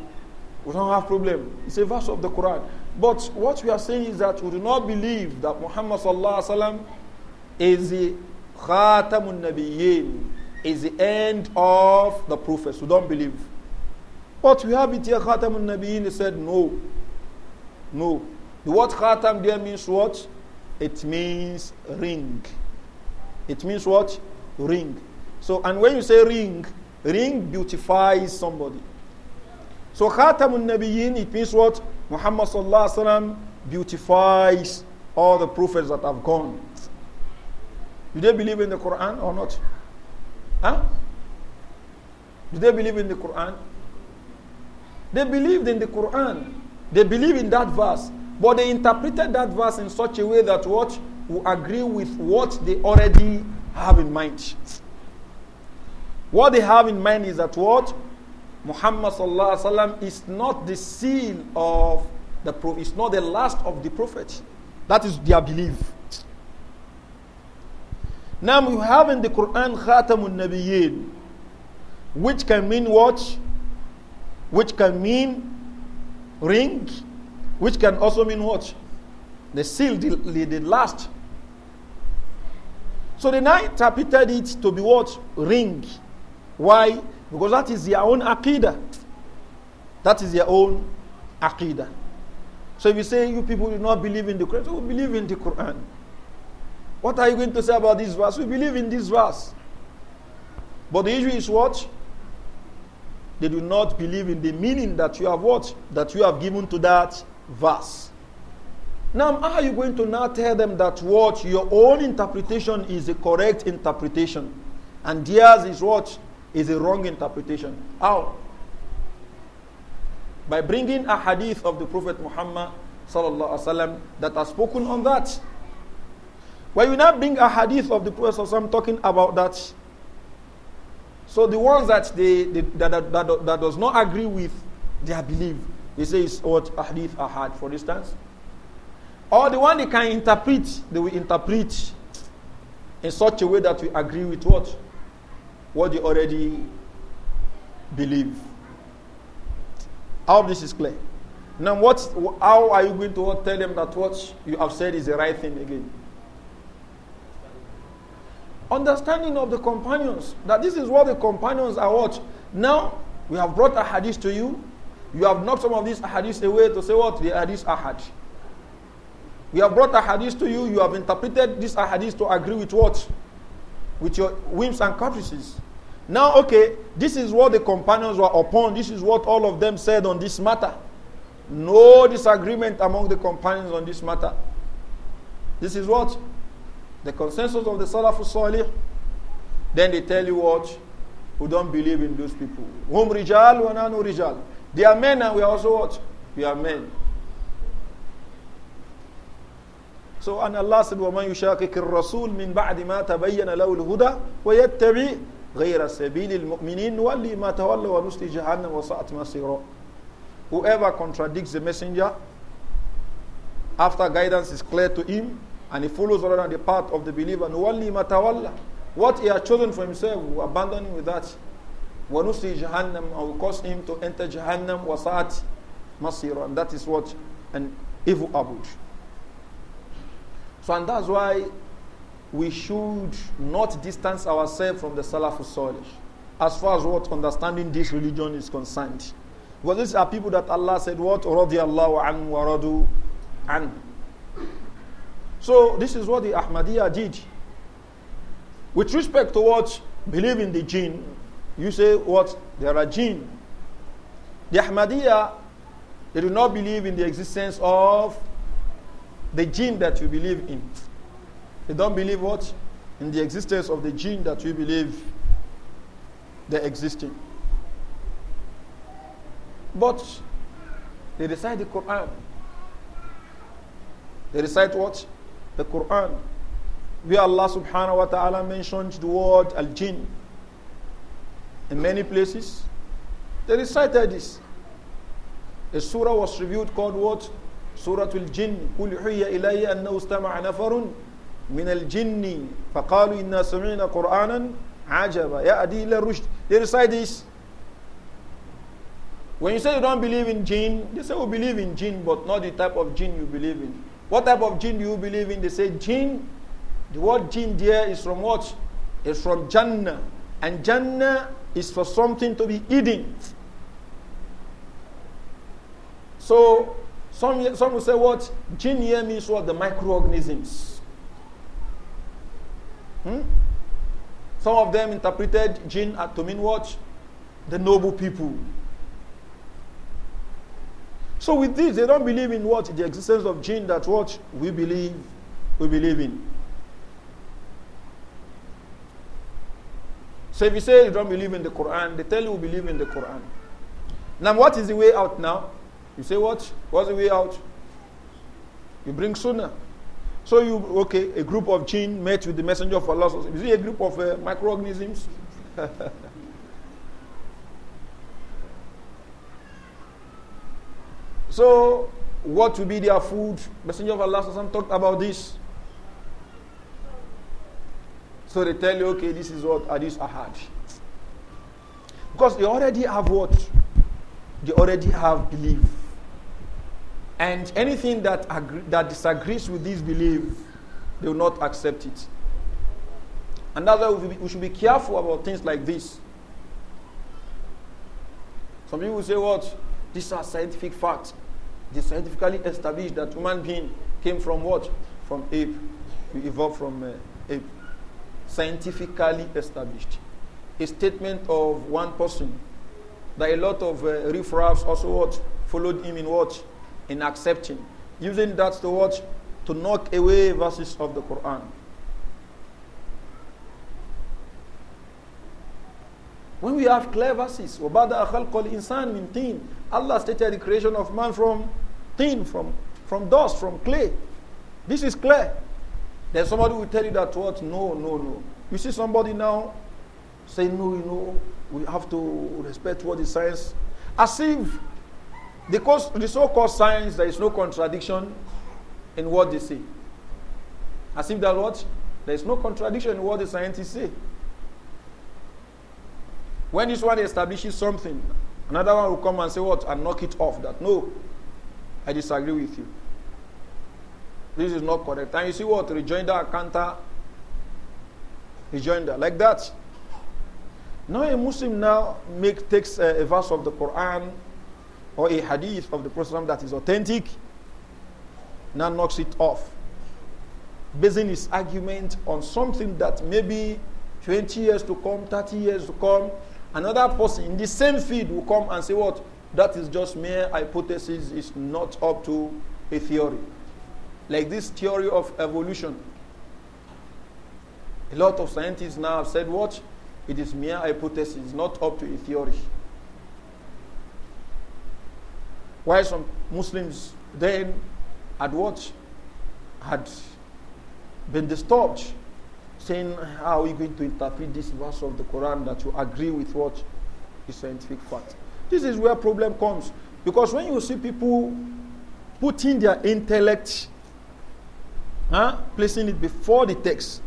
we don't have problem. It's a verse of the Quran. But what we are saying is that we do not believe that Muhammad sallallahu alaihi wasallam is the Khatamun Nabiyyin, is the end of the prophets. We don't believe. But we have it here, Khatamun Nabiyin. He said, no. No. The word Khatam there means what? It means ring. It means what? Ring. So, and when you say ring, ring beautifies somebody. So Khatamun Nabiyyin, it means what? Muhammad Sallallahu Alaihi Wasallam beautifies all the prophets that have gone. Do they believe in the Quran or not? Huh? Do they believe in the Quran? They believed in the Quran. They believed in that verse. But they interpreted that verse in such a way that what will agree with what they already have in mind. What they have in mind is that what Muhammad sallallahu alaihi wasallam is not the seal of the prophet. It's not the last of the prophet. That is their belief. Now we have in the Quran Khatamun Nabiyyin, which can mean what? which can mean ring, which can also mean what? The seal, the, the last. So the knight interpreted it to be what? Ring. Why? Because that is their own akida. That is their own akida. So if you say you people do not believe in the Quran, who we believe in the Quran. What are you going to say about this verse? We believe in this verse. But the issue is what? They do not believe in the meaning that you have what? That you have given to that verse. Now, how are you going to now tell them that what your own interpretation is the correct interpretation and theirs is what is a wrong interpretation? How? By bringing a hadith of the Prophet Muhammad sallallahu wasallam that has spoken on that. When you now bring a hadith of the Prophet sallallahu talking about that, so the ones that they, they that, that, that, that, does not agree with their belief, they say it's what hadith ahad, for instance. Or the one they can interpret, they will interpret in such a way that we agree with what? What they already believe. All this is clear. Now, what, how are you going to tell them that what you have said is the right thing again? understanding of the companions. That this is what the companions are what. Now, we have brought a hadith to you. You have knocked some of these hadiths away to say what? The hadith ahad. We have brought a hadith to you. You have interpreted this hadith to agree with what? With your whims and caprices. Now, okay, this is what the companions were upon. This is what all of them said on this matter. No disagreement among the companions on this matter. This is what the consensus of the Salafu Salih, then they tell you what? Who don't believe in those people. Whom rijal, wananu rijal. They are men and we are also what? We are men. So, and Allah said, وَمَنْ يُشَاكِكِ الرَّسُولِ مِنْ بَعْدِ مَا تَبَيَّنَ لَهُ الْهُدَى وَيَتَّبِعِ غَيْرَ سَبِيلِ الْمُؤْمِنِينَ وَلِّي مَا تَوَلَّ وَنُسْلِي جَهَنَّمَ وَسَعَتْ مَصِيرًا Whoever contradicts the messenger after guidance is clear to him, and he follows rather the path of the believer. Nuwalli What he has chosen for himself, we abandon him with that. Wanusi Jahannam, I will cause him to enter Jahannam wasat masira. And that is what an evil abode. So, and that's why we should not distance ourselves from the Salafus Salih as far as what understanding this religion is concerned. Because these are people that Allah said, What? Radiallahu anhu wa radu anhu. So this is what the Ahmadiyya did. With respect to what believe in the jinn, you say what there are jinn. The Ahmadiyya, they do not believe in the existence of the jinn that you believe in. They don't believe what? In the existence of the jinn that you believe they existing. But they recite the Quran. They recite what? the Quran, where Allah subhanahu wa ta'ala mentioned the word al jinn in many places. They recited this. A surah was reviewed called what? Surah al jinn. قُلْ حُيَّ إِلَيَّ أَنَّهُ اسْتَمَعَ نَفَرٌ مِنَ الْجِنِّ فَقَالُوا إِنَّا سَمِعْنَا قُرْآنًا عَجَبًا يَأْدِي إِلَى الرُّشْدِ They recite this. When you say you don't believe in jinn, they say, we oh, believe in jinn, but not the type of jinn you believe in. What type of jinn do you believe in? They say jinn. The word jinn there is from what? It's from Jannah. And Jannah is for something to be eaten. So some, some will say what? Jinn here means what? The microorganisms. Hmm? Some of them interpreted jinn to mean what? The noble people. So with this, they don't believe in what? The existence of jinn that what we believe, we believe in. So if you say you don't believe in the Quran, they tell you we believe in the Quran. Now what is the way out now? You say what? What's the way out? You bring sunnah. So you, okay, a group of jinn met with the messenger of Allah. Is it a group of uh, microorganisms? *laughs* So, what will be their food? Messenger of Allah talked about this. So they tell you, okay, this is what Adis Ahad. Because they already have what? They already have belief. And anything that, that disagrees with this belief, they will not accept it. And that's why we should be careful about things like this. Some people will say, what? These are scientific facts scientifically established that human being came from what? From ape. We evolved from uh, ape. Scientifically established. A statement of one person that a lot of uh, riffraffs also what? Followed him in what? In accepting. Using that to what? To knock away verses of the Quran. When we have clear verses, وَبَدَأَ خَلْقَ الْإِنسَانِ مِنْ تِينٍ Allah stated the creation of man from tin, from, from dust, from clay. This is clear. Then somebody will tell you that what? No, no, no. You see somebody now say, no, you know, we have to respect what the science. As if the, cause, the so-called science, there is no contradiction in what they say. As if that what? There is no contradiction in what the scientists say. When this one establishes something, another one will come and say what and knock it off. That no, I disagree with you. This is not correct. And you see what rejoinder, counter, rejoinder like that. Now a Muslim now make, takes a, a verse of the Quran or a hadith of the Prophet that is authentic, now knocks it off, basing his argument on something that maybe 20 years to come, 30 years to come, Another person in the same field will come and say, What? That is just mere hypothesis, it's not up to a theory. Like this theory of evolution. A lot of scientists now have said, What? It is mere hypothesis, not up to a theory. Why some Muslims then had what? Had been disturbed saying, How are you going to interpret this verse of the Quran that you agree with what is scientific fact? This is where problem comes. Because when you see people putting their intellect, huh, placing it before the text,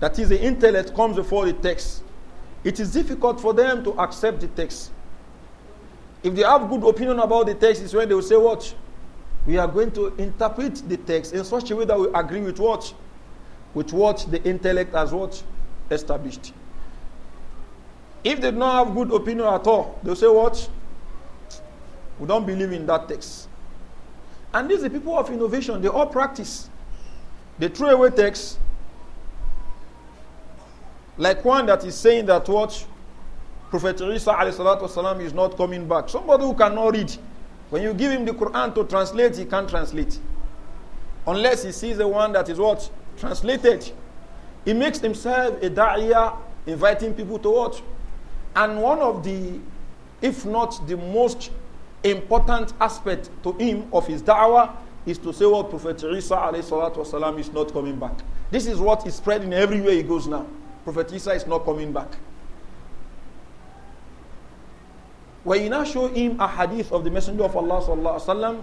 that is, the intellect comes before the text, it is difficult for them to accept the text. If they have good opinion about the text, it's when they will say, What? We are going to interpret the text in such a way that we agree with what? with what the intellect has what established. If they do not have good opinion at all, they'll say what? We don't believe in that text. And these are the people of innovation, they all practice. They throw away texts. Like one that is saying that what Prophet Isa is not coming back. Somebody who cannot read. When you give him the Quran to translate, he can't translate. Unless he sees the one that is what? Translated, he makes himself a da'iyah, inviting people to what? And one of the, if not the most important aspect to him of his da'wah is to say what Prophet Isa والسلام, is not coming back. This is what is spreading everywhere he goes now. Prophet Isa is not coming back. When you now show him a hadith of the Messenger of Allah, وسلم,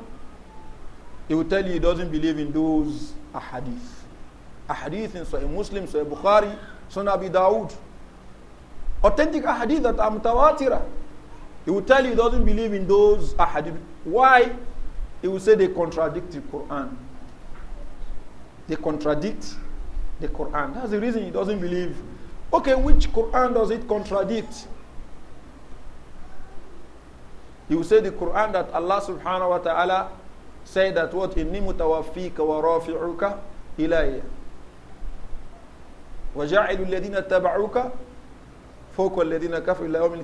he will tell you he doesn't believe in those hadiths ahadith in Sahih Muslim, Sahih Bukhari, Sunnah Abi Dawood. Authentic ahadith that are mutawatira. He will tell you he doesn't believe in those ahadith. Why? He will say they contradict the Quran. They contradict the Quran. That's the reason he doesn't believe. Okay, which Quran does it contradict? He will say the Quran that Allah subhanahu wa ta'ala said that what inni mutawaffika wa rafi'uka ilayya. وَجَعِلُوا الَّذِينَ تَبَعُوكَ فَوْقَ الَّذِينَ كَفَرُوا إِلَى يَوْمِ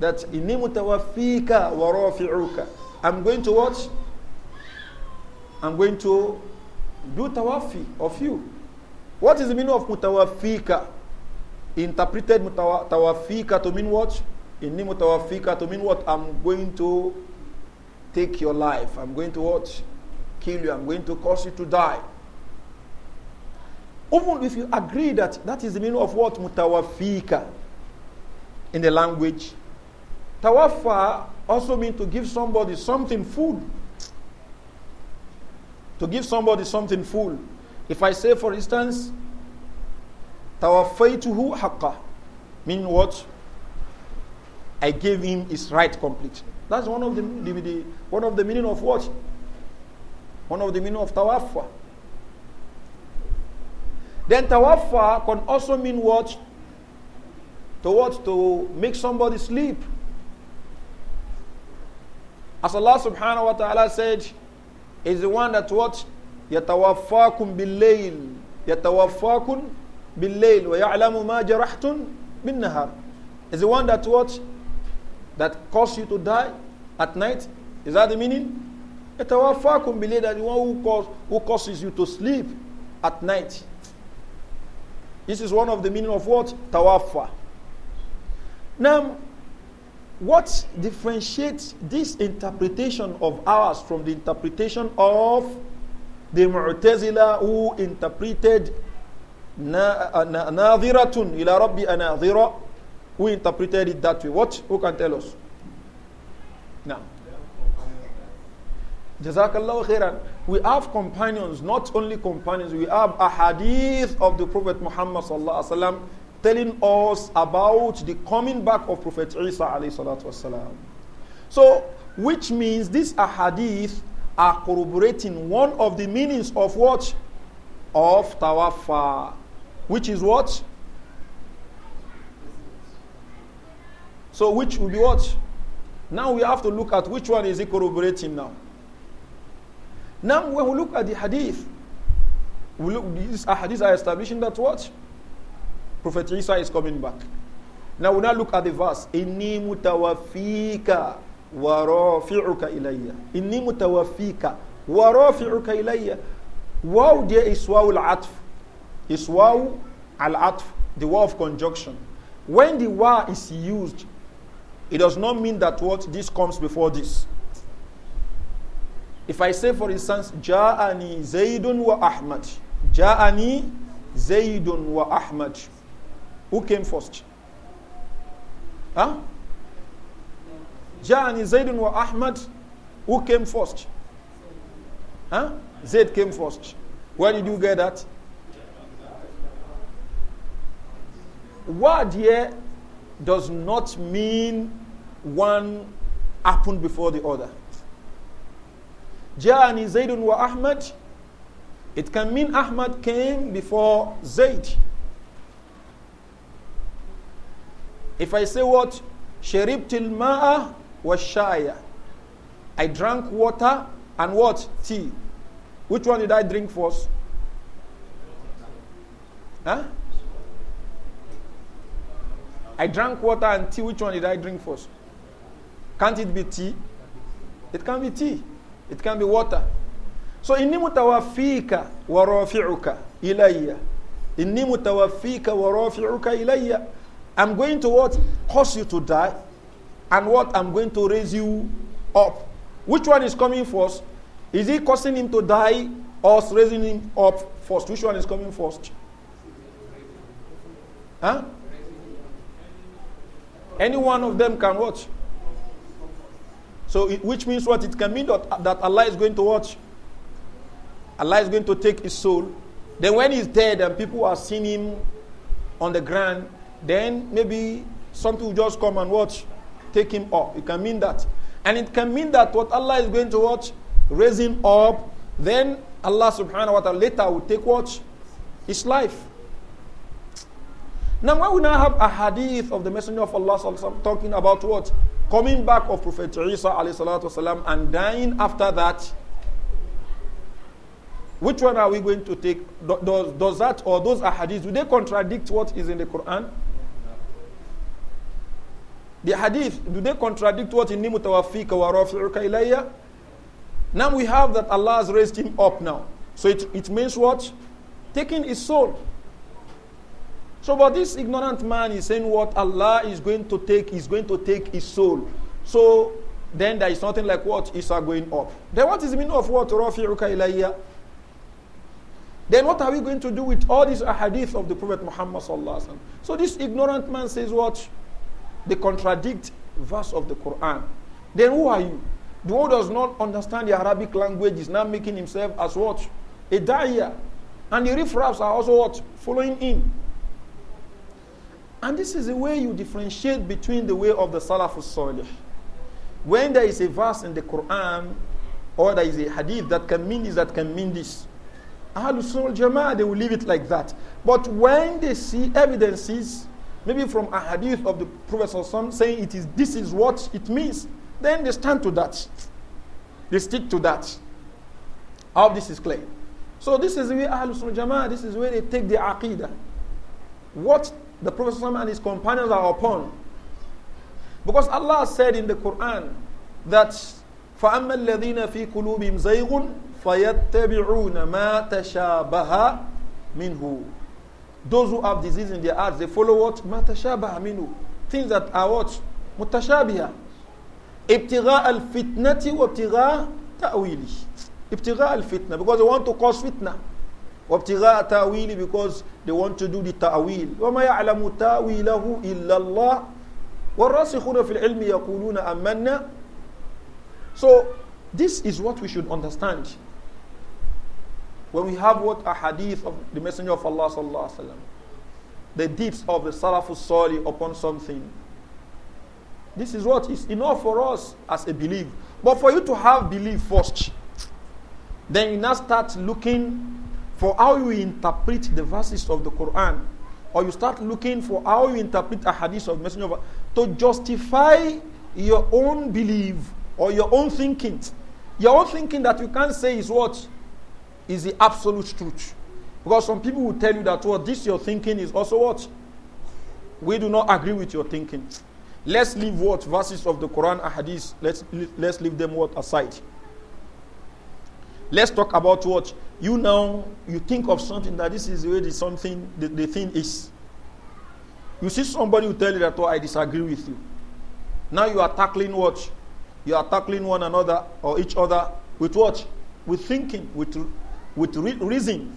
That وَرَافِعُوكَ I'm going to watch. I'm going to do tawafi of you. What is the meaning of mutawafika? Interpreted mutawafika to mean what? Inni mutawafika to mean what? I'm going to take your life. I'm going to watch, Kill you. I'm going to cause you to die. Even if you agree that that is the meaning of what mutawafika in the language, tawafa also means to give somebody something food. To give somebody something food, If I say, for instance, tawafaituhu haqqa, mean what? I gave him his right complete. That's one of the, the, the one of the meaning of what? One of the meaning of tawafa. Then tawaffa can also mean what? To what? To make somebody sleep. As Allah subhanahu wa ta'ala said, is the one that what? يَتَوَفَّاكُمْ بِاللَّيْلِ يَتَوَفَّاكُمْ بِاللَّيْلِ وَيَعْلَمُ مَا جَرَحْتُمْ بِالنَّهَارِ Is the one that what? That caused you to die at night? Is that the meaning? يَتَوَفَّاكُمْ بِاللَّيْلِ That the one who, cause, who causes you to sleep at night. This is one of the meaning of what? Tawafa. Now, what differentiates this interpretation of ours from the interpretation of the Mu'tazila who interpreted uh, Nadhiratun ila Rabbi anadhira who interpreted it that way? What? Who can tell us? Now. Jazakallah khairan. We have companions, not only companions, we have a hadith of the Prophet Muhammad sallallahu alaihi wasallam telling us about the coming back of Prophet Isa alayhi salatu wasalam. So, which means these ahadith are corroborating one of the meanings of what? Of tawafa, which is what? So, which will be what? Now we have to look at which one is it corroborating now. Now, when we look at the hadith, we look, these hadiths are establishing that what? Prophet Isa is coming back. Now, we now look at the verse. Inni mutawafika wa rafi'uka ilayya. Inni mutawafika wa ilayya. Wow theres wa al atf is waw al-atf. Is waw al-atf, the waw of conjunction. When the wa is used, it does not mean that what this comes before this. If I say, for instance, Ja'ani Zaydun wa Ahmad. Ja'ani Zaydun wa Ahmad. Who came first? Huh? Ja'ani Zaydun wa Ahmad. Who came first? Huh? Zayd came first. Where did you get that? Word here does not mean one happened before the other. Ja'ani Zaidun wa Ahmad. It can mean Ahmad came before Zaid. If I say what? Sharibtil ma'a wa shaya. I drank water and what? Tea. Which one did I drink first? Huh? I drank water and tea. Which one did I drink first? Can't it be tea? It can be tea. It can be water. So inni mutawaffika wa rafi'uka ilayya. Inni mutawaffika wa rafi'uka ilayya. I'm going to what? Cause you to die. And what? I'm going to raise you up. Which one is coming first? Is he causing him to die or raising him up first? Which one is coming first? Huh? Any one of them can watch. So it, which means what? It can mean that, that Allah is going to watch. Allah is going to take his soul. Then when he's dead and people are seeing him on the ground, then maybe something will just come and watch, take him up. It can mean that. And it can mean that what Allah is going to watch, raise him up, then Allah subhanahu wa ta'ala later will take watch, his life. Now, why we now have a hadith of the Messenger of Allah talking about what? coming back of Prophet Isa والسلام, and dying after that, which one are we going to take? Does, does that or those ahadith, do they contradict what is in the Quran? The hadith, do they contradict what in Nimutawafika wa rafi'uka ilayya? Now we have that Allah has raised him up now. So it, it means what? Taking his soul. So, but this ignorant man is saying what Allah is going to take is going to take his soul. So then there is nothing like what is going up. Then what is the meaning of what Rafi'uka ilayya? Then what are we going to do with all these ahadith of the Prophet Muhammad sallallahu alaihi wasallam? So this ignorant man says what? They contradict verse of the Quran. Then who are you? The one does not understand the Arabic language is now making himself as what? A da'iyah. And the riffraffs are also what? Following him. And this is the way you differentiate between the way of the Salafus Salih. When there is a verse in the Quran or there is a hadith that can mean this, that can mean this, Ahlul Sunnah Jama'ah, they will leave it like that. But when they see evidences, maybe from a hadith of the Prophet saying it is this is what it means, then they stand to that. They stick to that. All this is clear. So this is the way Ahlul Sunnah Jama'ah, this is where they take the Aqidah. What the Prophet and his companions are upon. Because Allah said in the Quran that فَأَمَّا الَّذِينَ فِي قُلُوبِهِمْ زَيْغٌ فَيَتَّبِعُونَ مَا تَشَابَهَ مِنْهُ Those who have disease in their hearts, they follow what? مَا تَشَابَهَ مِنْهُ Things that are what? متشابهة ابتغاء الفتنة وابتغاء تأويله ابتغاء الفتنة because they want to cause fitna وابتغاء تأويل because they want to do the تأويل وما يعلم تأويله إلا الله والراسخون في العلم يقولون أمنا So this is what we should understand when we have what a hadith of the Messenger of Allah sallallahu alaihi wasallam, the deeds of the Salafus Sali upon something. This is what is enough for us as a belief. But for you to have belief first, then you now start looking for how you interpret the verses of the Quran, or you start looking for how you interpret a hadith of Messenger of to justify your own belief or your own thinking. Your own thinking that you can't say is what? Is the absolute truth. Because some people will tell you that what this your thinking is also what? We do not agree with your thinking. Let's leave what verses of the Quran and Hadith, let's, let's leave them what aside. Let's talk about what you now you think of something that this is really something the, the thing is. You see somebody who tell you that oh, I disagree with you. Now you are tackling what? You are tackling one another or each other with what? With thinking, with with re reason.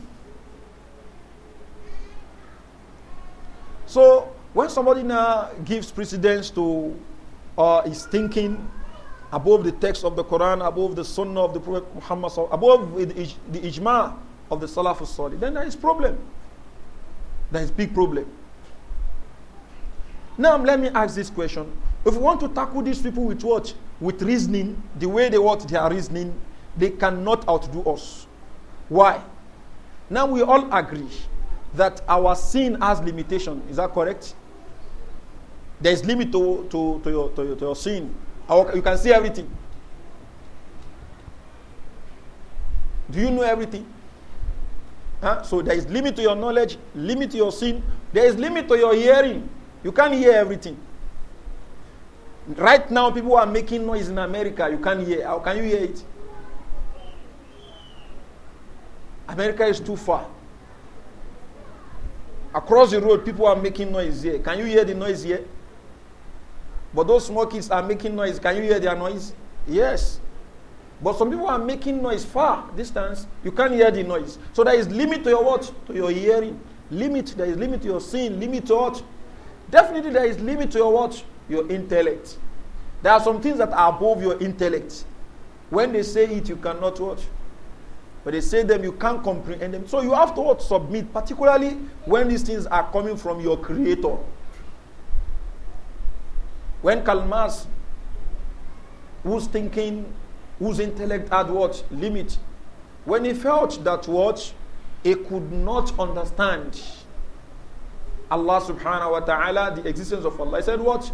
So when somebody now gives precedence to uh, his thinking above the text of the Quran, above the Sunnah of the Prophet Muhammad, above the, ijma of the Salafus Salih, then there is problem. There is big problem. Now let me ask this question: If we want to tackle these people with what, with reasoning, the way they what they are reasoning, they cannot outdo us. Why? Now we all agree that our sin has limitation. Is that correct? There is limit to, to, to, your, to, your, to your sin you can see everything. Do you know everything? Huh? So there is limit to your knowledge, limit to your sin, there is limit to your hearing. You can't hear everything. Right now, people are making noise in America. You can't hear. How can you hear it? America is too far. Across the road, people are making noise here. Can you hear the noise here? But those small kids are making noise. Can you hear their noise? Yes. But some people are making noise far distance. You can't hear the noise. So there is limit to your what? To your hearing. Limit. There is limit to your seeing. Limit to what? Definitely there is limit to your what? Your intellect. There are some things that are above your intellect. When they say it, you cannot watch. But they say them, you can't comprehend them. So you have to what? Submit, particularly when these things are coming from your creator. When Kalmas whose thinking, whose intellect had what? Limit. When he felt that what? He could not understand Allah subhanahu wa ta'ala, the existence of Allah. He said, What?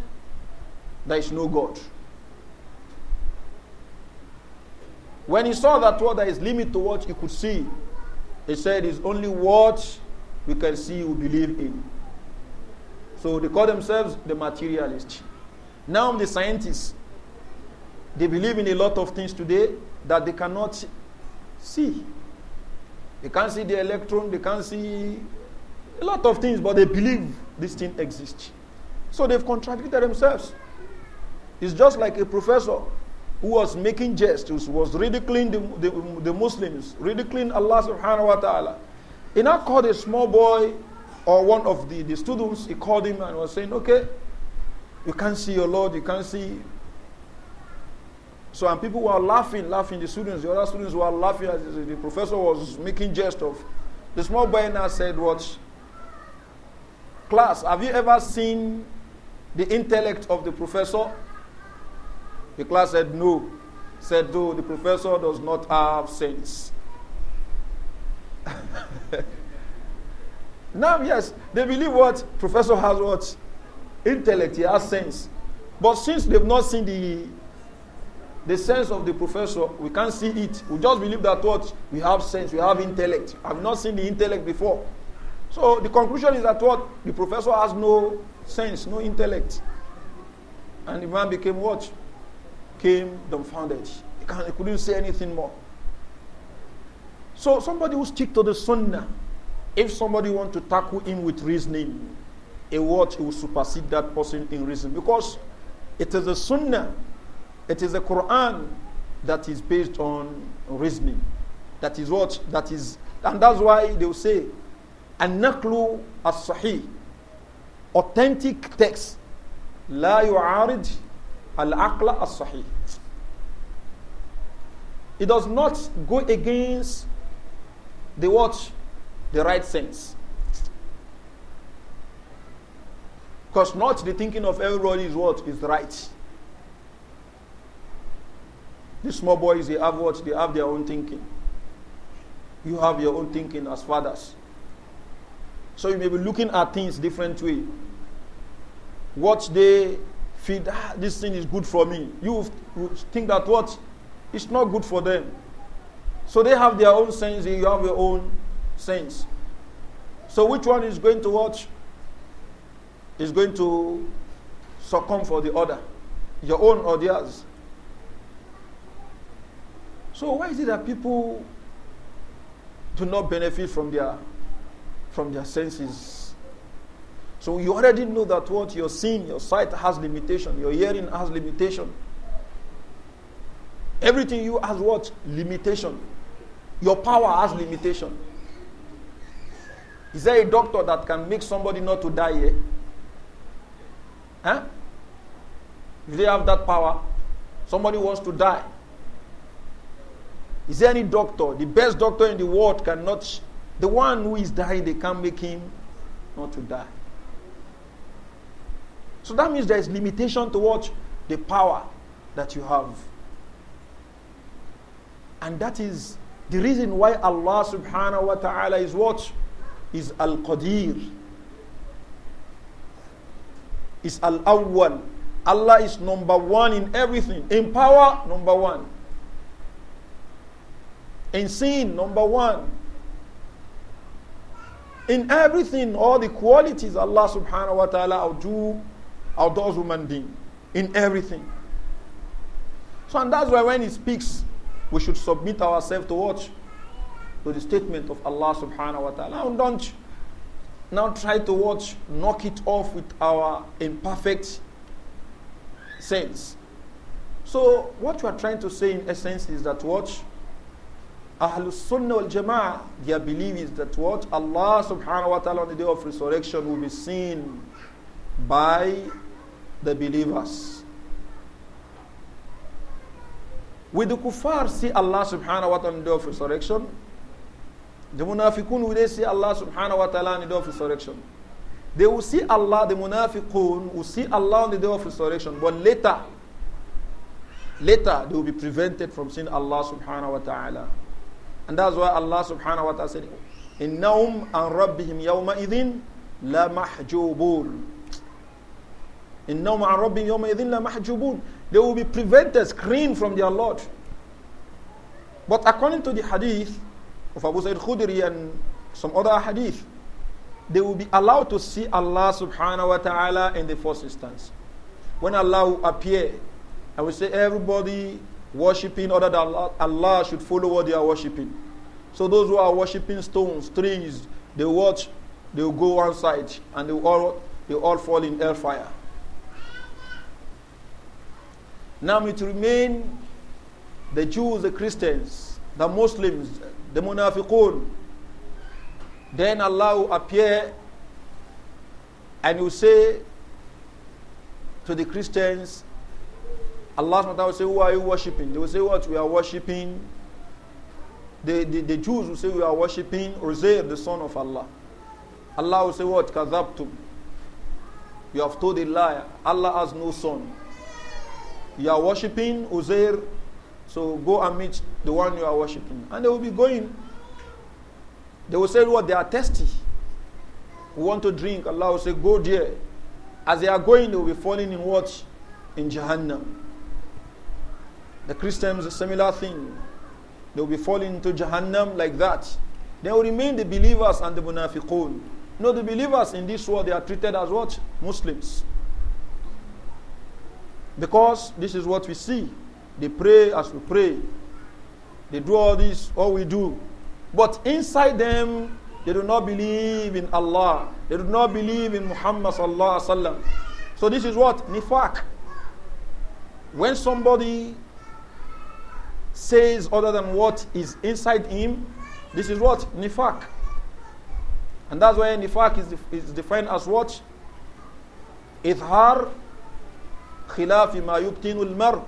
There is no God. When he saw that what there is limit to what he could see, he said, It's only what we can see, we believe in. So they call themselves the materialist. Now the scientists, they believe in a lot of things today that they cannot see. They can't see the electron, they can't see a lot of things, but they believe this thing exists. So they've contradicted themselves. It's just like a professor who was making jests, was ridiculing the, the, the, Muslims, ridiculing Allah subhanahu wa ta'ala. He now called a small boy or one of the, the students, he called him and was saying, okay, you can't see your Lord, you can't see. So, and people were laughing, laughing, the students, the other students were laughing. as The professor was making jest of. The small boy now said, What? Class, have you ever seen the intellect of the professor? The class said, No. Said, No, the professor does not have sense. *laughs* now, yes, they believe what? Professor has what? intellect, he has sense. But since they've not seen the the sense of the professor, we can't see it. We just believe that what we have sense, we have intellect. I've not seen the intellect before. So the conclusion is that what the professor has no sense, no intellect. And the man became what? Came dumbfounded. He, can't, he couldn't say anything more. So somebody who stick to the sunnah, if somebody want to tackle him with reasoning, a word he will supersede that person in reason because it is the sunnah it is the quran that is based on reasoning that is what that is and that's why they will say an-naqlu as-sahih authentic text la yu'arid al-aqla as-sahih it does not go against the what the right sense Because not the thinking of everybody is what is right. The small boys, they have what? They have their own thinking. You have your own thinking as fathers. So you may be looking at things different way. What they feed, ah, this thing is good for me. You think that what? It's not good for them. So they have their own sense, you have your own sense. So which one is going to watch? is going to succumb for the other, your own or theirs. So why is it that people do not benefit from their from their senses? So you already know that what you're seeing, your sight has limitation, your hearing has limitation. Everything you has what? Limitation. Your power has limitation. Is there a doctor that can make somebody not to die here? Eh? Huh? If they have that power, somebody wants to die. Is there any doctor? The best doctor in the world cannot. The one who is dying, they can't make him not to die. So that means there is limitation to what the power that you have. And that is the reason why Allah subhanahu wa ta'ala is what? Is Al Qadir is Al Awwal. Allah is number one in everything. In power, number one. In sin, number one. In everything, all the qualities Allah subhanahu wa ta'ala outdo, outdoes human being. In everything. So, and that's why when He speaks, we should submit ourselves to watch To the statement of Allah subhanahu wa ta'ala. And don't now try to watch, knock it off with our imperfect sense. So what you are trying to say in essence is that what Ahlus Sunnah wal Jama'ah, their belief is that what Allah subhanahu wa ta'ala on the day of resurrection will be seen by the believers. Will the kuffar see Allah subhanahu wa ta'ala on the day of resurrection? The munafiqun will they see Allah subhanahu wa ta'ala on the day of resurrection. They will see Allah, the munafiqun will see Allah on the day of resurrection, but later, later they will be prevented from seeing Allah subhanahu wa ta'ala. And that's why Allah subhanahu wa ta'ala said, إِنَّهُمْ la رَبِّهِمْ يَوْمَئِذٍ لَمَحْجُوبُونَ إِنَّهُمْ yawma رَبِّهِمْ la mahjubun. They will be prevented, screened from their Lord. But according to the hadith, of Abu Sa'id Khudri and some other hadith, they will be allowed to see Allah subhanahu wa ta'ala in the first instance. When Allah will appear, I will say everybody worshipping other than Allah, Allah should follow what they are worshipping. So those who are worshipping stones, trees, they watch, they will go one side and they all, they all fall in hellfire. Now it remain the Jews, the Christians, the Muslims, the munafiqun. Then Allah will appear and will say to the Christians, Allah will say, Who are you worshipping? They will say, What? We are worshipping. The, the, the Jews will say, We are worshipping Uzair, the son of Allah. Allah will say, What? Kazabtum. You have told a liar. Allah has no son. You are worshipping Uzair, so go and meet the one you are worshipping. And they will be going. They will say, What? Well, they are thirsty. We want to drink. Allah will say, Go there. As they are going, they will be falling in what? In Jahannam. The Christians, a similar thing. They will be falling into Jahannam like that. They will remain the believers and the munafiqun. No, the believers in this world, they are treated as what? Muslims. Because this is what we see. They pray as we pray. They do all this, all we do. But inside them, they do not believe in Allah. They do not believe in Muhammad sallallahu alaihi wasallam. So this is what nifaq. When somebody says other than what is inside him, this is what nifaq. And that's why nifaq is, is defined as what? Ithar khilaf ma yubtinu mar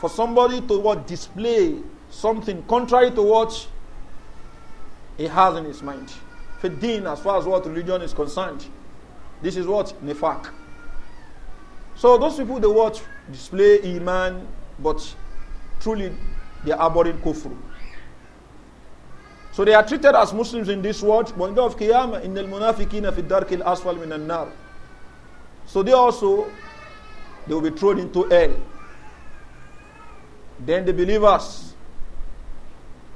for somebody to what display something contrary to what he has in his mind. Fiddin, as far as what religion is concerned, this is what nefak. So those people they watch display iman, but truly they are abhorring kufr. So they are treated as Muslims in this world, but in the of in nar. So they also they will be thrown into hell. Then the believers,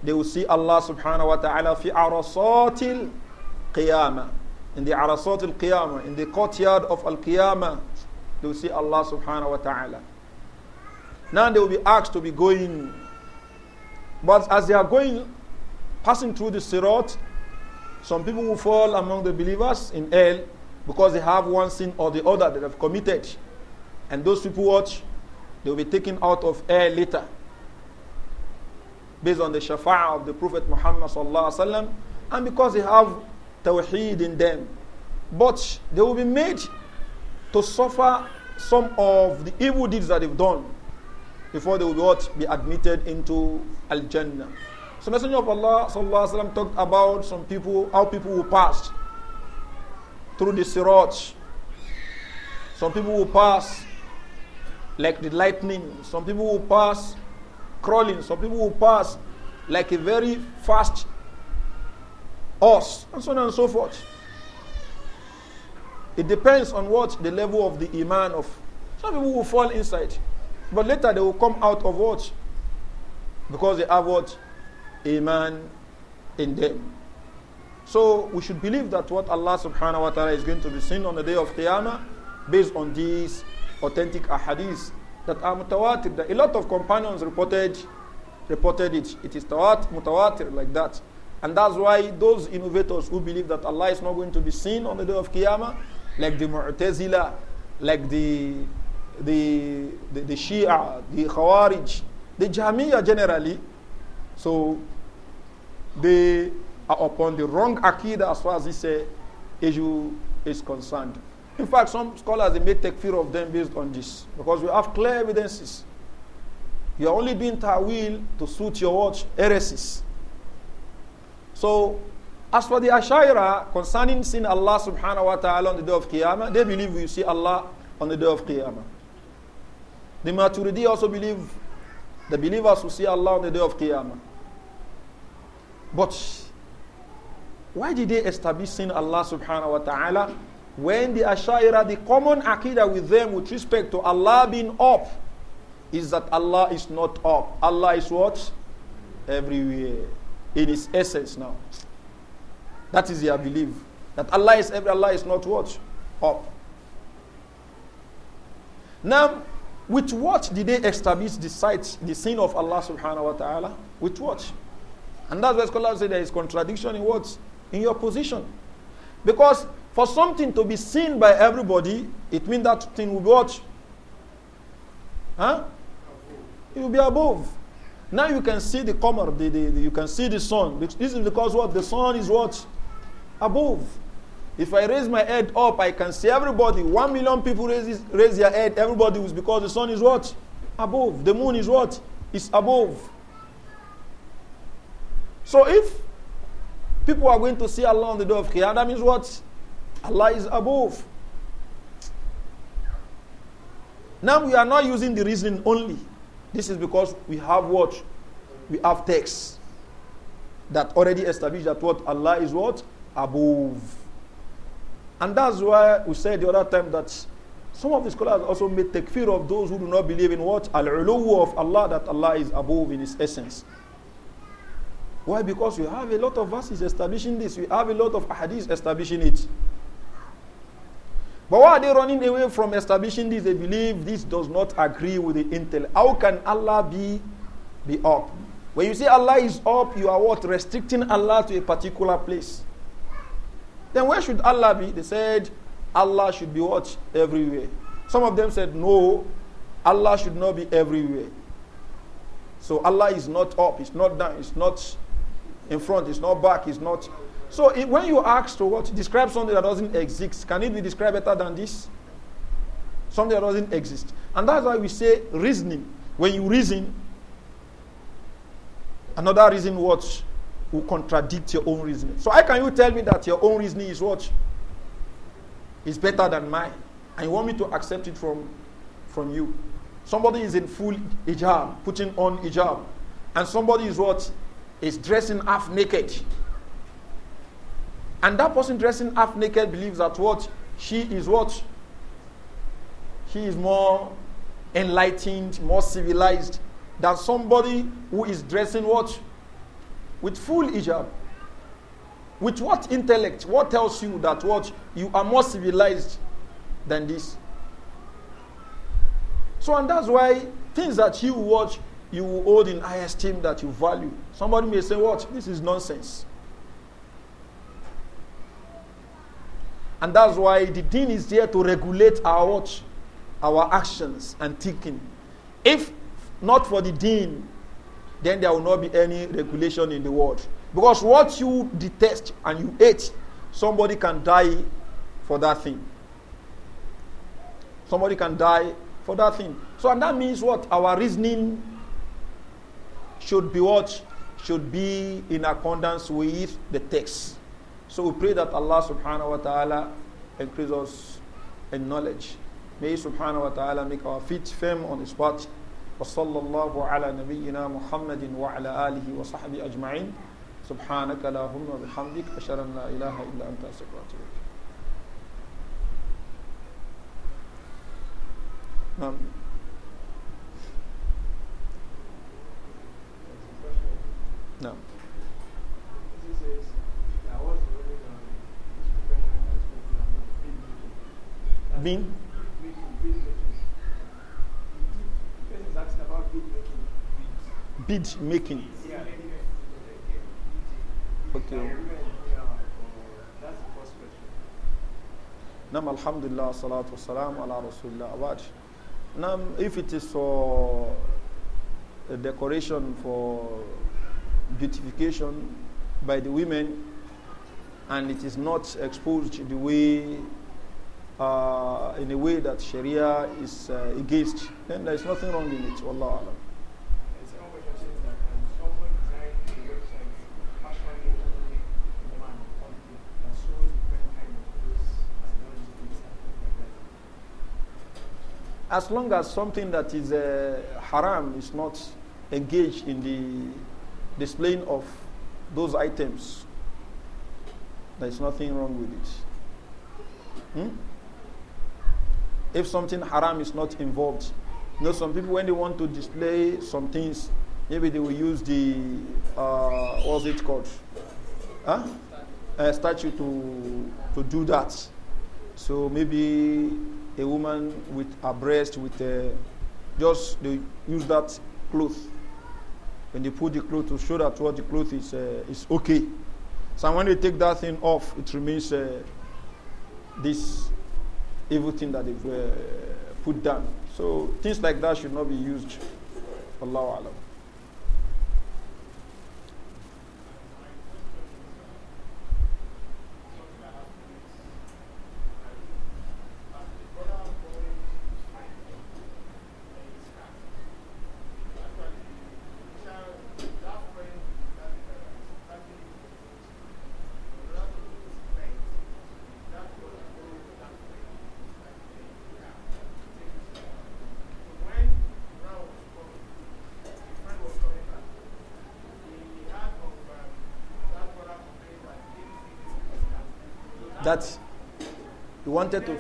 they will see Allah subhanahu wa ta'ala fi arasatil qiyamah. In the arasatil qiyamah, in the courtyard of al qiyamah, they will see Allah subhanahu wa ta'ala. Now they will be asked to be going. But as they are going, passing through the sirat, some people will fall among the believers in hell because they have one sin or the other that they have committed. And those people watch they will be taken out of air later. Based on the shafa of the Prophet Muhammad and because they have tawheed in them. But they will be made to suffer some of the evil deeds that they've done before they will what, be admitted into Al Jannah. So Messenger of Allah وسلم, talked about some people, how people will pass through the Sirat. Some people will pass like the lightning. Some people will pass crawling. Some people will pass like a very fast horse, and so on and so forth. It depends on what the level of the iman of. Some people will fall inside, but later they will come out of what? Because they have what? Iman in them. So we should believe that what Allah subhanahu wa ta'ala is going to be seen on the day of Qiyamah based on these authentic ahadith that are mutawatir. That a lot of companions reported reported it. It is mutawatir like that. And that's why those innovators who believe that Allah is not going to be seen on the day of Qiyamah, like the Mu'tazila, like the, the, the, the Shia, the Khawarij, the Jamia generally, so they are upon the wrong Aqidah as far as this uh, issue is concerned. In fact, some scholars they take fear of them based on this because we have clear evidences. You are only doing ta'wil to suit your watch heresies. So, as for the Ashaira concerning seeing Allah subhanahu wa ta'ala on the day of Qiyamah, they believe we see Allah on the day of Qiyamah. The Maturidi also believe the believers will see Allah on the day of Qiyamah. But why did they establish seeing Allah subhanahu wa ta'ala when the Ashaira, the common Aqidah with them with respect to Allah being up, is that Allah is not up. Allah is what? Everywhere. In His essence now. That is their belief. That Allah is every Allah is not what? Up. Now, with what did they establish the sight, the sin of Allah subhanahu wa ta'ala? With what? And that's why scholars say there is contradiction in words, in your position. Because for something to be seen by everybody, it means that thing will be what? Huh? It will be above. Now you can see the comer, the, the, the, you can see the sun. This is because what? The sun is what? Above. If I raise my head up, I can see everybody. One million people raise, raise their head. Everybody is because the sun is what? Above. The moon is what? Is above. So if people are going to see Allah on the day of Qiyamah, that means what? Allah is above. Now we are not using the reasoning only. This is because we have what? We have texts that already establish that what Allah is what? Above. And that's why we said the other time that some of the scholars also made takfir of those who do not believe in what? Al-uluwu of Allah, that Allah is above in his essence. Why? Because we have a lot of verses establishing this. We have a lot of hadiths establishing it. But why are they running away from establishing this? They believe this does not agree with the intel. How can Allah be, be up? When you say Allah is up, you are what? Restricting Allah to a particular place. Then where should Allah be? They said Allah should be what? Everywhere. Some of them said no, Allah should not be everywhere. So Allah is not up, it's not down, it's not in front, it's not back, it's not so it, when you ask to what describe something that doesn't exist, can it be described better than this? Something that doesn't exist. And that's why we say reasoning. When you reason, another reason what will contradict your own reasoning. So how can you tell me that your own reasoning is what is better than mine? And you want me to accept it from, from you. Somebody is in full hijab, putting on hijab. And somebody is what? Is dressing half naked. And that person dressing half naked believes that what? She is what? She is more enlightened, more civilized than somebody who is dressing what? With full hijab. With what intellect? What tells you that what? You are more civilized than this. So, and that's why things that you watch, you hold in high esteem that you value. Somebody may say, What? This is nonsense. And that's why the deen is there to regulate our watch, our actions and thinking. If not for the deen, then there will not be any regulation in the world. Because what you detest and you hate, somebody can die for that thing. Somebody can die for that thing. So, and that means what? Our reasoning should be what? Should be in accordance with the text. So we pray that Allah subhanahu wa ta'ala increase us in knowledge. May He subhanahu wa ta'ala make our feet firm on His path. وصلى الله على نبينا محمد وعلى آله وصحبه أجمعين سبحانك اللهم وبحمدك أشهد أن لا إله إلا أنت أستغفرك وأتوب نعم نعم been? Bid making. Okay. Nam alhamdulillah salatu wasalam ala rasulullah. abad. Nam if it is for a decoration for beautification by the women and it is not exposed the way uh, in a way that Sharia is uh, against, then there is nothing wrong in it. Wallah Alam. As long as something that is uh, haram is not engaged in the displaying of those items, there is nothing wrong with it. Hmm? if something haram is not involved. You know, some people, when they want to display some things, maybe they will use the, uh, what's it called? Huh? A statue to, to do that. So maybe a woman with a breast, with a, just they use that cloth. When they put the cloth to show that what the cloth is, uh, is okay. So when they take that thing off, it remains uh, this evil thing that they've uh, put down. So things like that should not be used. Allahu Alam. that he wanted to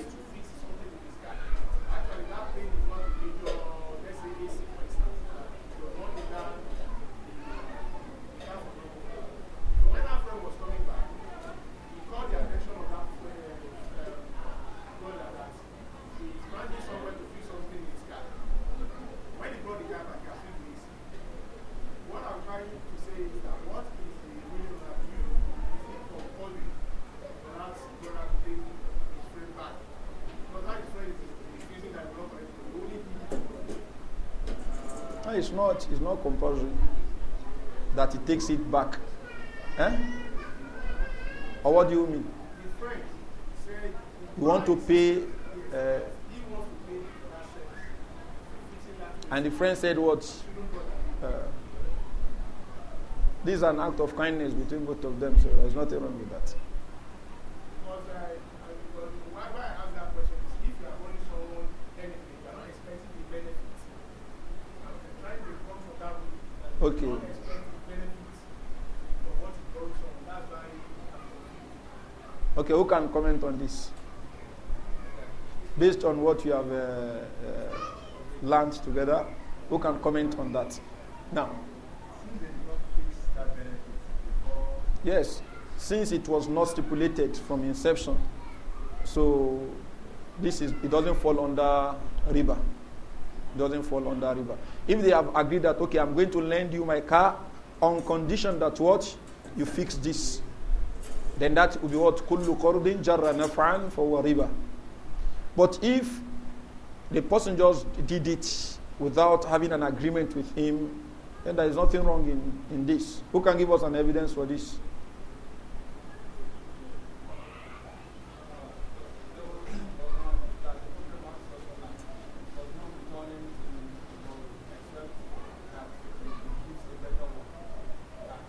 not, it's not compulsory that he takes it back. Eh? Or what do you mean? You want to pay. Uh, and the friend said, What? Uh, this is an act of kindness between both of them, so there's nothing wrong with that. can comment on this based on what you have uh, uh, learned together. Who can comment on that now? Yes, since it was not stipulated from inception, so this is it doesn't fall under river. It doesn't fall under river. If they have agreed that okay, I'm going to lend you my car on condition that what you fix this, then that would be what? Kullu qardin jarra naf'an for riba. But if the person just did it without having an agreement with him, then there is nothing wrong in, in this. Who can give us an evidence for this?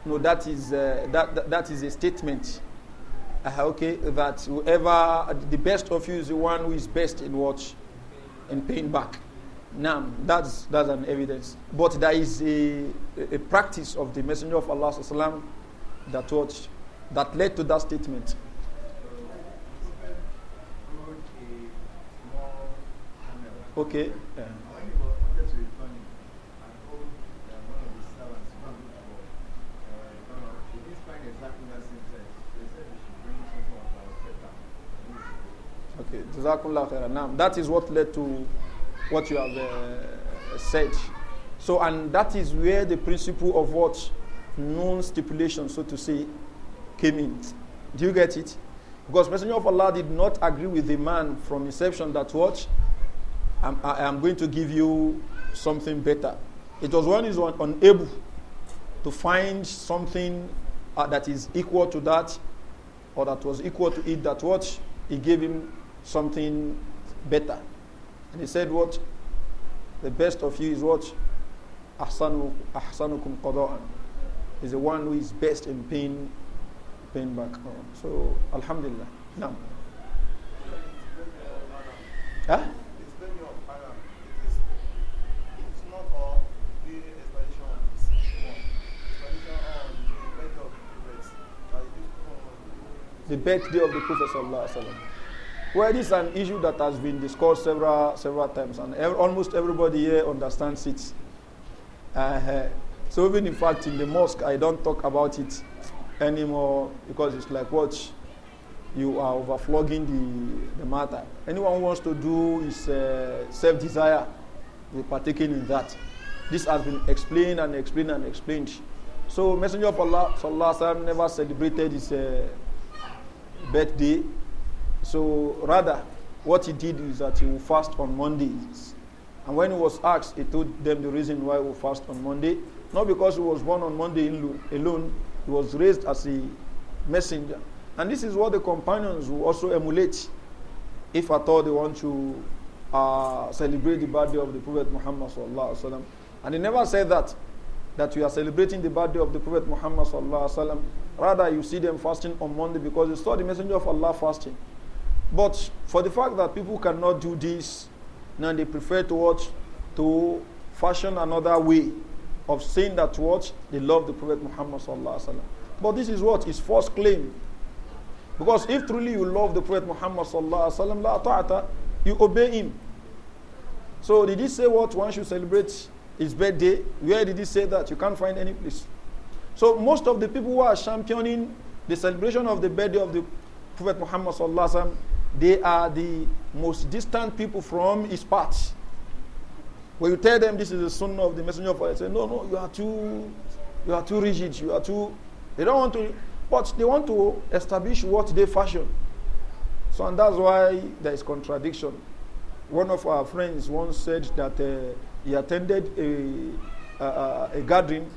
No, that is, uh, that, that, that is a statement uh-huh, okay, that whoever, the best of you is the one who is best in what? In paying back. Now, that's, that's an evidence. But there is a, a practice of the Messenger of Allah that, what, that led to that statement. Okay. Yeah. Um, Jazakumullah khairan. Now, that is what led to what you have uh, said. So, and that is where the principle of what non stipulation, so to say, came in. Do you get it? Because Messenger of Allah did not agree with the man from inception that what I'm, I am going to give you something better. It was when he's unable to find something uh, that is equal to that or that was equal to it that what he gave him something better. And he said, What? The best of you is what? Ahsanu, ahsanukum qada'an. Is the one who is best in paying, paying back. So, Alhamdulillah. Now. Huh? The birthday of the Prophet Sallallahu Alaihi Wasallam. Well, this is an issue that has been discussed several several times, and ev almost everybody here understands it. Uh, so even in fact, in the mosque, I don't talk about it anymore because it's like what you are overflogging the, the matter. Anyone who wants to do his uh, self-desire, will partaking in that. This has been explained and explained and explained. So Messenger of Allah sallam, never celebrated his uh, birthday so rather, what he did is that he will fast on Mondays. And when he was asked, he told them the reason why he will fast on Monday. Not because he was born on Monday alone, he was raised as a messenger. And this is what the companions will also emulate if at all they want to uh, celebrate the birthday of the Prophet Muhammad. And he never said that, that we are celebrating the birthday of the Prophet Muhammad. Rather, you see them fasting on Monday because they saw the Messenger of Allah fasting. But for the fact that people cannot do this, now they prefer to watch, to fashion another way of saying that what they love the Prophet Muhammad sallallahu alaihi wasallam. But this is what his false claim. Because if truly you love the Prophet Muhammad sallallahu alaihi wasallam, you obey him. So did he say what one should celebrate his birthday? Where did he say that? You can't find any place. So most of the people who are championing the celebration of the birthday of the Prophet Muhammad sallallahu alaihi wasallam they are the most distant people from his path. When you tell them this is the son of the messenger of Allah, they say, no, no, you are too, you are too rigid, you are too, they don't want to, but they want to establish what they fashion. So, and that's why there is contradiction. One of our friends once said that uh, he attended a, a, a, gathering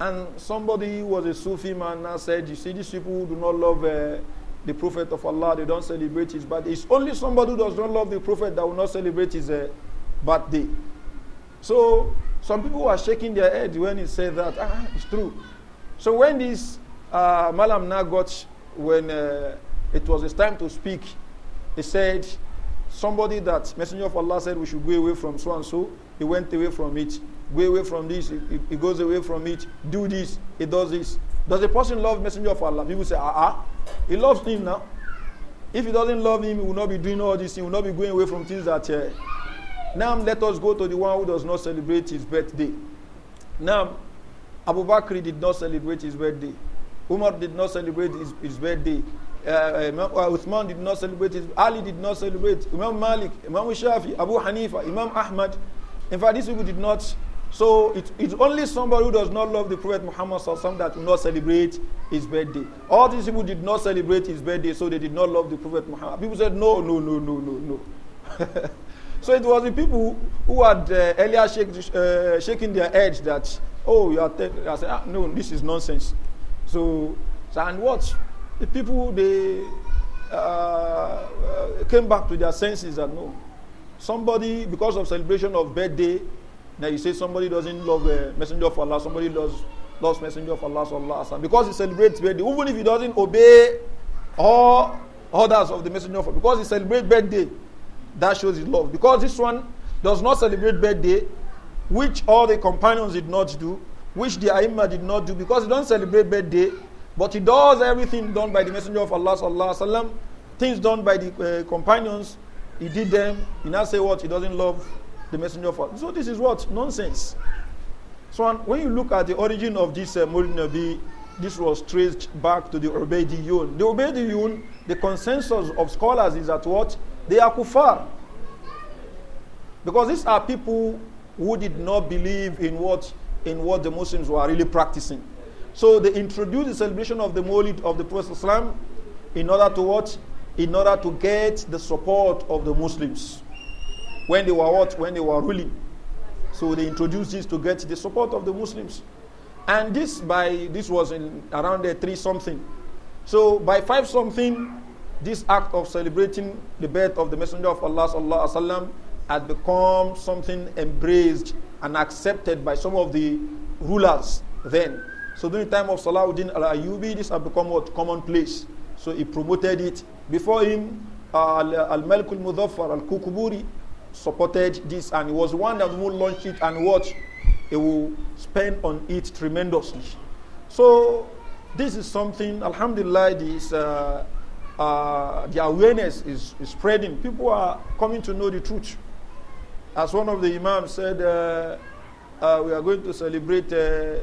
and somebody who was a Sufi man now said, you see, these people do not love uh, the Prophet of Allah, they don't celebrate his birthday. It's only somebody who does not love the Prophet that will not celebrate his uh, birthday. So some people were shaking their head when he said that. Ah, it's true. So when this uh, Malam Nagot, when uh, it was his time to speak, he said, somebody that Messenger of Allah said we should go away from so and so, he went away from it. Go away from this, he, he goes away from it. Do this, he does this. Does a person love Messenger of Allah? People say, ah, ah. He loves him now. If he doesn't love him, he will not be doing all this. He will not be going away from things that. Uh, now let us go to the one who does not celebrate his birthday. Now, Abu Bakr did not celebrate his birthday. Umar did not celebrate his, his birthday. Uh, uh, uh, Uthman did not celebrate his Ali did not celebrate. Imam Malik, Imam Shafi, Abu Hanifa, Imam Ahmad. In fact, these people did not so it's only somebody who does not love the Prophet Muhammad Sallallahu that will not celebrate his birthday. All these people did not celebrate his birthday, so they did not love the Prophet Muhammad. People said, no, no, no, no, no, no. *laughs* so it was the people who had uh, earlier shake, uh, shaking their heads that, oh, you are, I said, ah, no, this is nonsense. So, so and what? The people, they uh, uh, came back to their senses and no. Somebody, because of celebration of birthday, now you say somebody doesn't love a messenger of Allah, somebody loves, loves messenger of Allah, Allah because he celebrates birthday, even if he doesn't obey all orders of the messenger of Allah, because he celebrates birthday, that shows his love. Because this one does not celebrate birthday, which all the companions did not do, which the Aimma did not do, because he don't celebrate birthday, but he does everything done by the messenger of Allah, sallam, things done by the uh, companions, he did them, he now say what, he doesn't love the messenger of Allah. So this is what? Nonsense. So when you look at the origin of this uh, Nabi, this was traced back to the Ubaidiyun. The Ubaidiyun, the consensus of scholars is that what? They are kuffar. Because these are people who did not believe in what, in what the Muslims were really practicing. So they introduced the celebration of the Mawlid of the Prophet Islam in order to what? In order to get the support of the Muslims when they were what? When they were ruling. So they introduced this to get the support of the Muslims. And this by this was in around the three something. So by five something, this act of celebrating the birth of the Messenger of Allah sallallahu alaihi wasallam had become something embraced and accepted by some of the rulers then. So during the time of Salahuddin al-Ayyubi, this had become what commonplace. So he promoted it. Before him, Al-Malik al-Muzaffar al-Kukuburi, supported this and he was one that will launch it and what he will spend on it tremendously. So this is something, alhamdulillah, this, uh, uh, the awareness is, is, spreading. People are coming to know the truth. As one of the imams said, uh, uh, we are going to celebrate uh,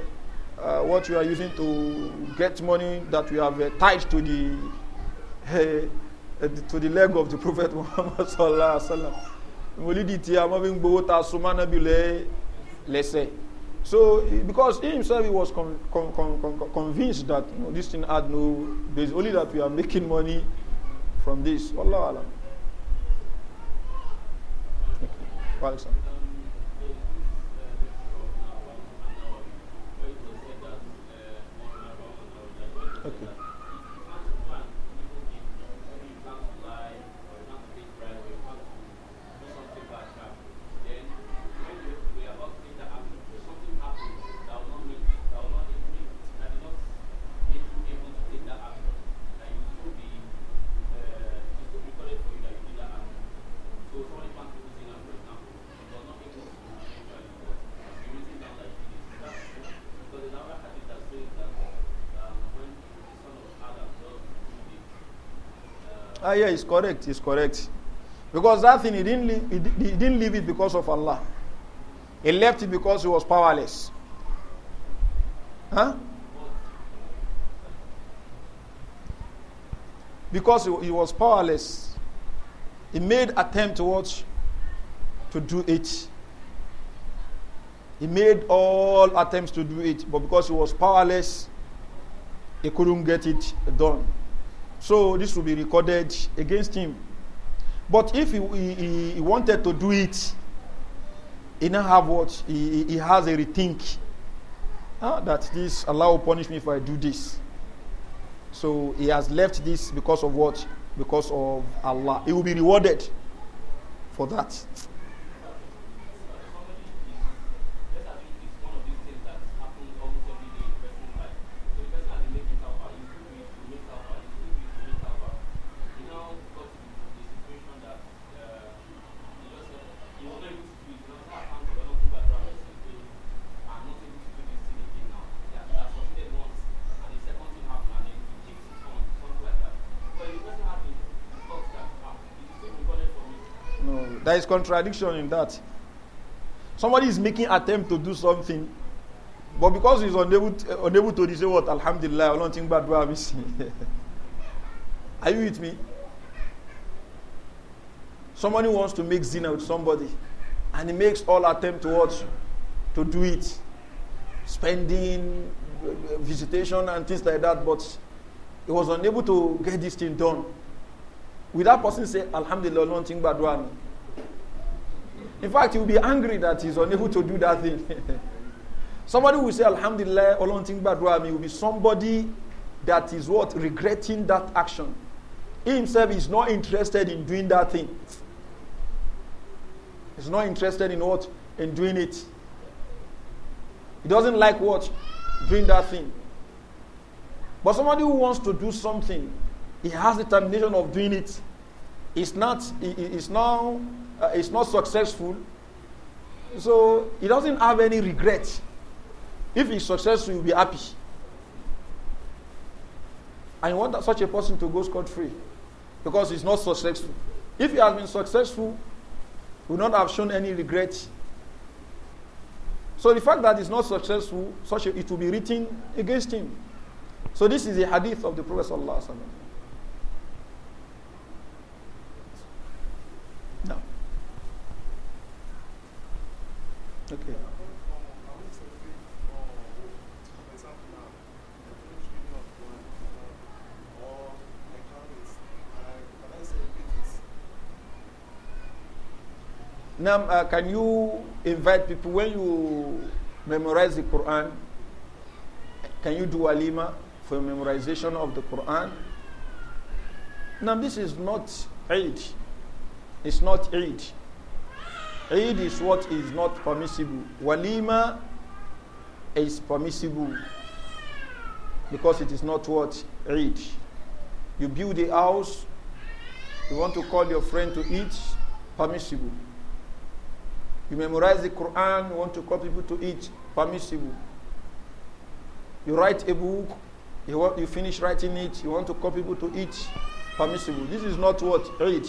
uh, what we are using to get money that we have tied to the, *laughs* to the leg of the Prophet *laughs* Muhammad mọlídìí tí a máa fi ń gbowó ta súnmọ́ nábì lẹ́sẹ̀ so because he himself he was con con con con convinced that you know, this thing had no base only that we are making money from this wallah alam. Okay. Ah, yeah, it's correct. It's correct. Because that thing, he didn't, leave, he, didn't leave it because of Allah. He left it because he was powerless. Huh? Because he, was powerless. He made attempt to to do it. He made all attempts to do it, but because he was powerless, he couldn't get it done. So this will be recorded against him. But if he, he, he wanted to do it, he now have what? He, he has a rethink. Huh? Ah, that this, allow punish me if I do this. So he has left this because of what? Because of Allah. He will be rewarded for that. There is contradiction in that. Somebody is making attempt to do something, but because he's unable to, uh, eh, unable to say what Alhamdulillah, I don't think bad Are you with me? Somebody wants to make zina with somebody, and he makes all attempt towards to do it, spending, visitation, and things like that, but he was unable to get this thing done. With that person say, Alhamdulillah, I don't think bad in fact, he will be angry that he's unable to do that thing. *laughs* somebody will say, Alhamdulillah, Olonting He will be somebody that is what? Regretting that action. He himself is not interested in doing that thing. He's not interested in what? In doing it. He doesn't like what? Doing that thing. But somebody who wants to do something, he has determination of doing it. It's not, it's now uh, is not successful, so he doesn't have any regret. If he's successful, he'll be happy. And you want that, such a person to go scot free because he's not successful. If he has been successful, he will not have shown any regret. So the fact that he's not successful, such a, it will be written against him. So this is a hadith of the Prophet Sallallahu Alaihi Wasallam. Okay. Now, uh, can you invite people when you memorize the Quran? Can you do alima for memorization of the Quran? Now, this is not Eid. It's not Eid. Eid is what is not permissible. Walima is permissible because it is not what Eid. You build a house, you want to call your friend to eat, permissible. You memorize the Quran, you want to call people to eat, permissible. You write a book, you, want, you finish writing it, you want to call people to eat, permissible. This is not what Eid.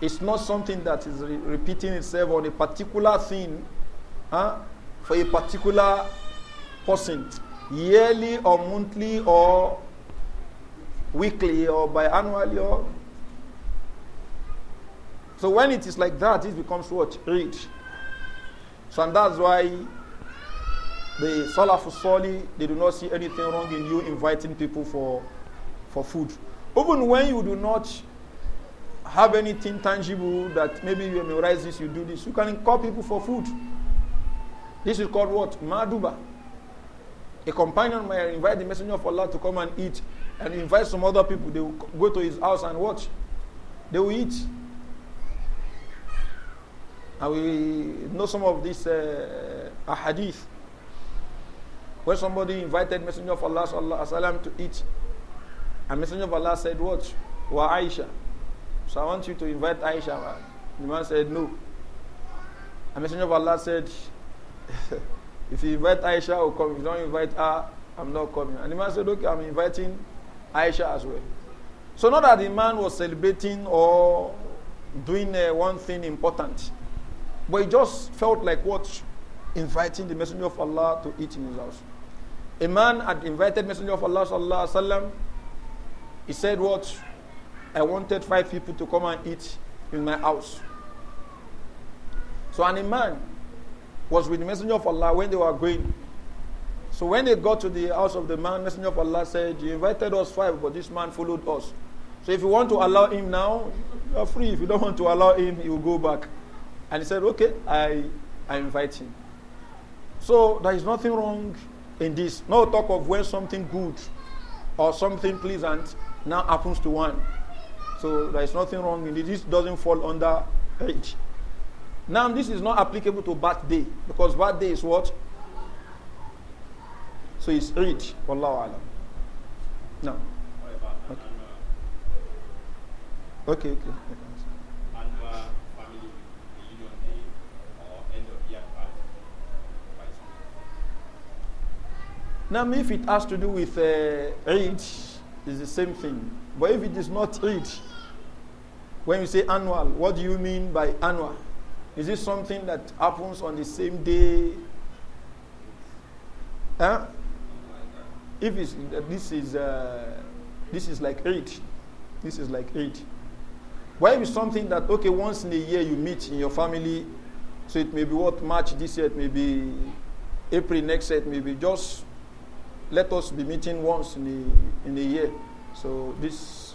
It's not something that is re repeating itself on a particular thing huh, for a particular person, yearly or monthly or weekly or biannually or. So when it is like that, it becomes what? Read. So and that's why the Salafus Sali, they do not see anything wrong in you inviting people for, for food. Even when you do not have anything tangible that maybe you memorize this, you do this. You can call people for food. This is called what? Maduba. A companion may invite the messenger of Allah to come and eat and invite some other people. They will go to his house and watch. They will eat. And we know some of this uh, hadith. When somebody invited messenger of Allah to eat, and messenger of Allah said, what? Wa Aisha. So I want you to invite Aisha. Man. The man said, No. A messenger of Allah said, *laughs* If you invite Aisha, I'll oh, come. If you don't invite her, I'm not coming. And the man said, Okay, I'm inviting Aisha as well. So, not that the man was celebrating or doing uh, one thing important, but he just felt like what? Inviting the messenger of Allah to eat in his house. A man had invited messenger of Allah He said, What? I wanted five people to come and eat in my house. So, an a man was with the messenger of Allah when they were going. So, when they got to the house of the man, messenger of Allah said, "You invited us five, but this man followed us. So, if you want to allow him now, you are free. If you don't want to allow him, he will go back." And he said, "Okay, I, I invite him." So there is nothing wrong in this. No talk of when something good or something pleasant now happens to one. So there is nothing wrong in this. This doesn't fall under age. Now this is not applicable to birthday because birthday is what? So it's age. Wallahu alam. No. Okay. Okay, okay. Uh, now, if it has to do with uh, Eid, it's the same thing. But if it is not age. When you say annual, what do you mean by annual? Is it something that happens on the same day? Huh? If it's, this is uh, this is like eight, this is like eight. Why is something that okay once in a year you meet in your family, so it may be what March this year, it may be April next year, it may be just let us be meeting once in a in a year. So this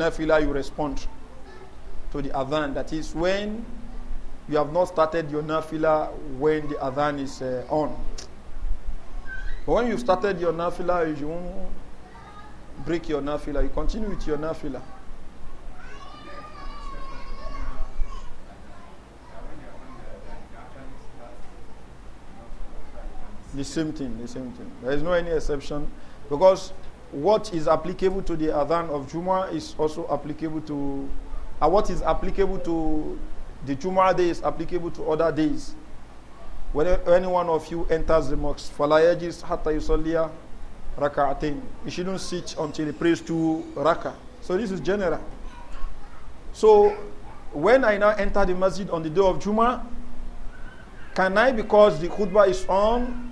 nafila, you respond to the adhan. That is when you have not started your nafila when the adhan is uh, on. But when you started your nafila, you won't break your nafila. You continue with your nafila. The same thing, the same thing. There is no any exception because what is applicable to the adhan of Juma is also applicable to, uh, what is applicable to the Juma day is applicable to other days. When any one of you enters the mosque, falayajis hatta yusalliya rakaatin. You shouldn't sit until he prays two raka. So this is general. So when I now enter the masjid on the day of Juma, can I, because the khutbah is on,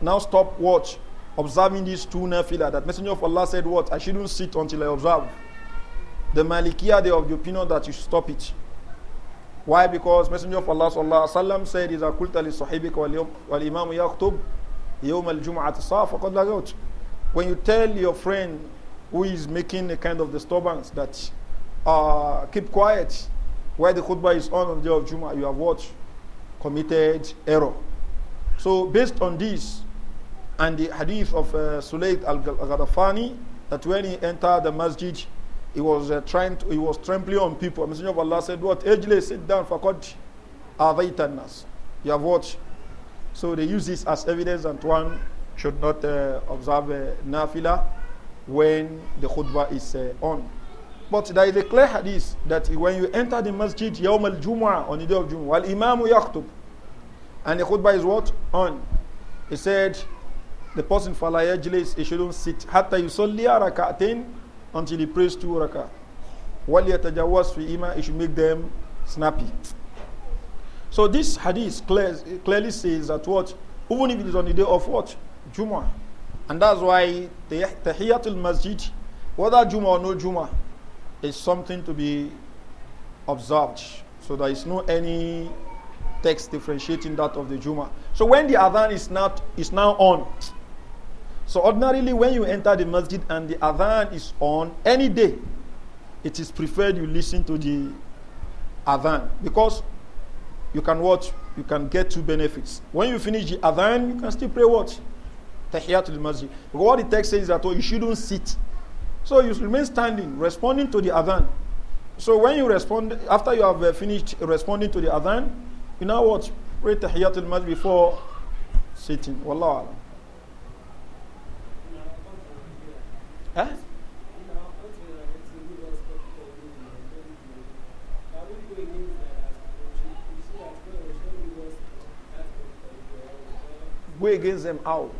now stop watch observing these two nafila that Messenger of Allah said what? I shouldn't sit until I observe. The Malikiya, they of the opinion that you stop it. Why? Because Messenger of Allah sallallahu alaihi wasallam said, "Iza kulta li sahibik wal imam yaktub yawm al jum'at saf faqad lagut." When you tell your friend who is making a kind of disturbance that uh, keep quiet while the khutbah is on on the day of Juma, you have what? Committed error. So based on this, and the hadith of uh, Sulayd al-Ghadafani that when he entered the masjid, he was uh, trying to, he was trampling on people. The Messenger of Allah said, "What ageless, sit down for God, nas. You have watched." So they use this as evidence that one should not uh, observe uh, nafila when the khutbah is uh, on. But there is a clear hadith that when you enter the masjid yawm al jumu'ah on the day of Jumu'ah, while imamu yaktub, and the khutbah is what on. He said. The person fala yajlis, he shouldn't sit. Hatta yusalliya raka'atin until he prays two rak'ah. Wal yatajawwaz fi ima, he should make them snappy. So this hadith clearly says that what, even if it is on the day of what? Juma, And that's why the Tahiyatul Masjid, whether Juma or no Juma, is something to be observed. So there is no any text differentiating that of the Juma. So when the Adhan is not is now on, so ordinarily, when you enter the masjid and the adhan is on any day, it is preferred you listen to the adhan because you can watch, you can get two benefits. When you finish the adhan, you can still pray what? Tahiyatul masjid. But what the text says is that oh, you shouldn't sit. So you remain standing, responding to the adhan. So when you respond, after you have uh, finished responding to the adhan, you now what? Pray Tahiyatul masjid before sitting. Wallahu alam. Huh? Go against them how?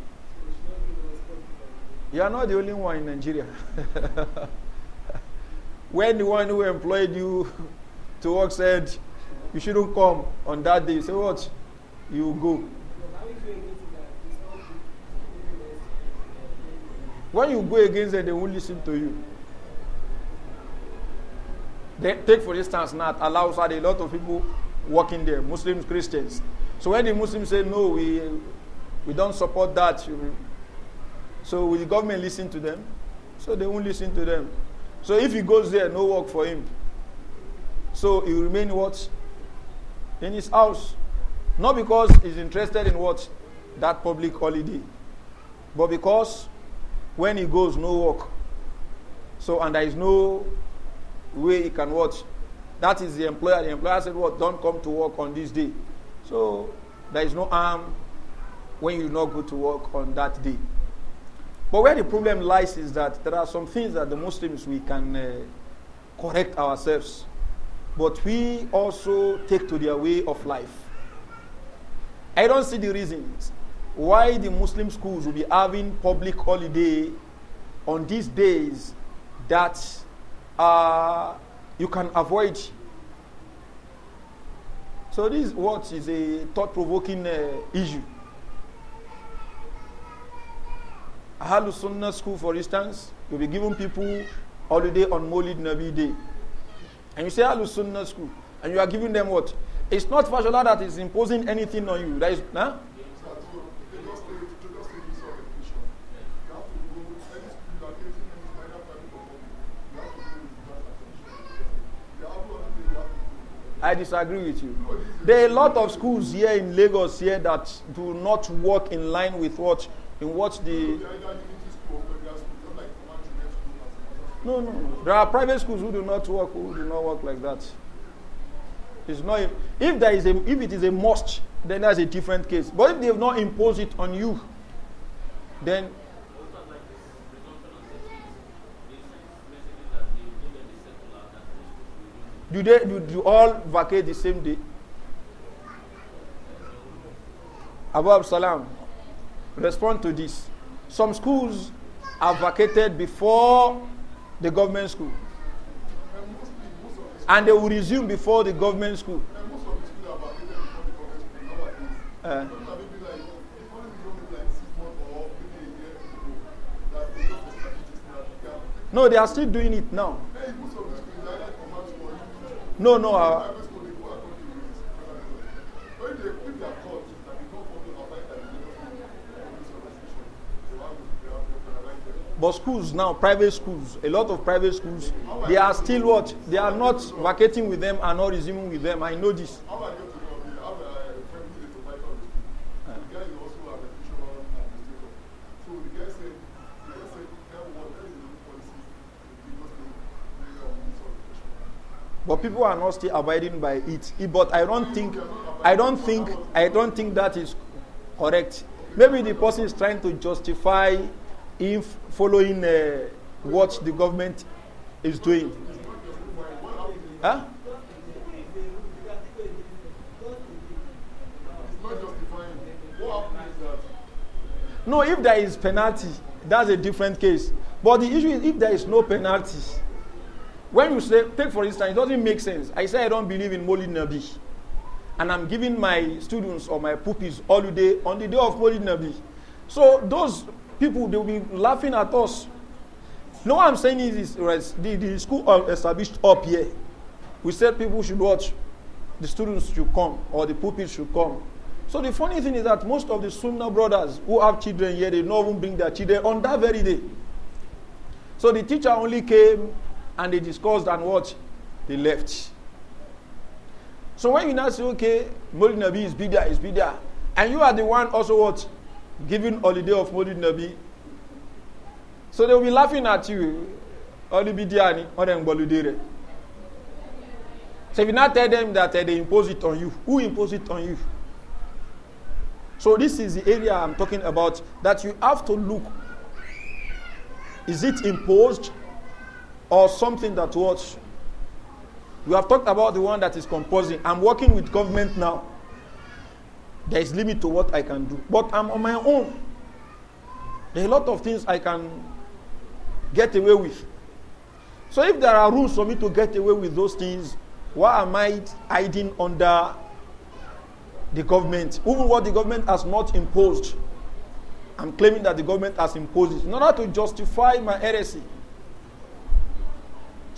You are not the only one in Nigeria. *laughs* when the one who employed you *laughs* to work said, you shouldn't come on that day, you say, what? You go. When you go against them, they won't listen to you. They, take, for instance, not allows a lot of people working there, Muslims, Christians. So when the Muslims say, no, we, we don't support that, so will the government listen to them? So they won't listen to them. So if he goes there, no work for him. So he will remain what? In his house. Not because he's interested in what? That public holiday. But because when he goes, no work. So, and there is no way he can watch. That is the employer. The employer said, What? Well, don't come to work on this day. So, there is no harm when you do not go to work on that day. But where the problem lies is that there are some things that the Muslims we can uh, correct ourselves, but we also take to their way of life. I don't see the reasons why the Muslim schools will be having public holiday on these days that uh, you can avoid. So this what is a thought-provoking uh, issue. Halusunna Sunnah school, for instance, will be giving people holiday on Molid Nabi Day. And you say Halusunna Sunnah school, and you are giving them what? It's not Fashola that is imposing anything on you. That is, huh? I disagree with you. There are a lot of schools here in Lagos here that do not work in line with what in what the no, no, There are private schools who do not work, who do not work like that. It's not if there is a if it is a must, then that's a different case. But if they have not imposed it on you, then Do they do, do all vacate the same day? Abu Salam, respond to this. Some schools are vacated before the government school. And they will resume before the government school. Uh, no, they are still doing it now. No, no. Uh, but schools now, private schools, a lot of private schools, they are still what? They are not vacating with them and not resuming with them. I know this. But people are not still abiding by it. But I don't think, I don't think, I don't think that is correct. Maybe the person is trying to justify in following uh, what the government is doing. Huh? No, if there is penalty, that's a different case. But the issue is if there is no penalty, when you say, take for instance, it doesn't make sense. I say I don't believe in Molid Nabi. And I'm giving my students or my pupils holiday on the day of Molid Nabi. So those people, they'll be laughing at us. No, what I'm saying is this, the, the school uh, established up here. We said people should watch, the students should come, or the pupils should come. So the funny thing is that most of the Sunnah brothers who have children here, they don't even bring their children on that very day. So the teacher only came and they discussed and what? They left. So when you now say, okay, Molid Nabi is bidya, is bidya, and you are the one also what? Giving holiday of Molid Nabi. So they will be laughing at you. Only bidya ni, only ngbolu So if you now tell them that uh, they impose it on you, who impose it on you? So this is the area I'm talking about that you have to look. Is it imposed or something that what we have talked about the one that is composing. I'm working with government now. There is limit to what I can do, but I'm on my own. There are a lot of things I can get away with. So if there are rules for me to get away with those things, why am I hiding under the government? Even what the government has not imposed, I'm claiming that the government has imposed it in order to justify my heresy.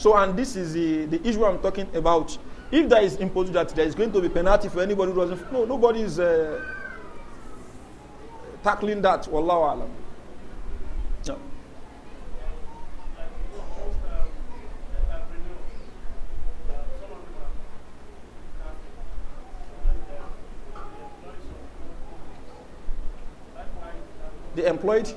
So, and this is the, the issue I'm talking about. If there is imposed that there is going to be penalty for anybody who doesn't, no, nobody is uh, tackling that. Wallahu alam. The employed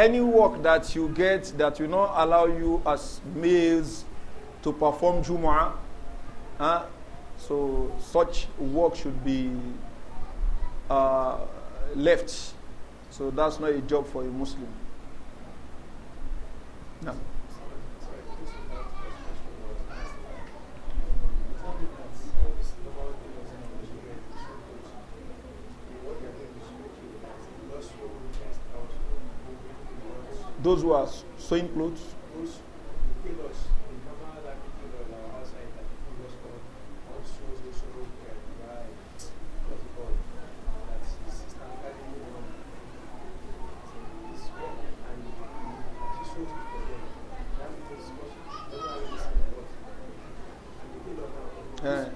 any work that you get that will not allow you as males to perform Jumu'ah, huh? so such work should be uh, left. So that's not a job for a Muslim. No. those who are sewing clothes? Yeah.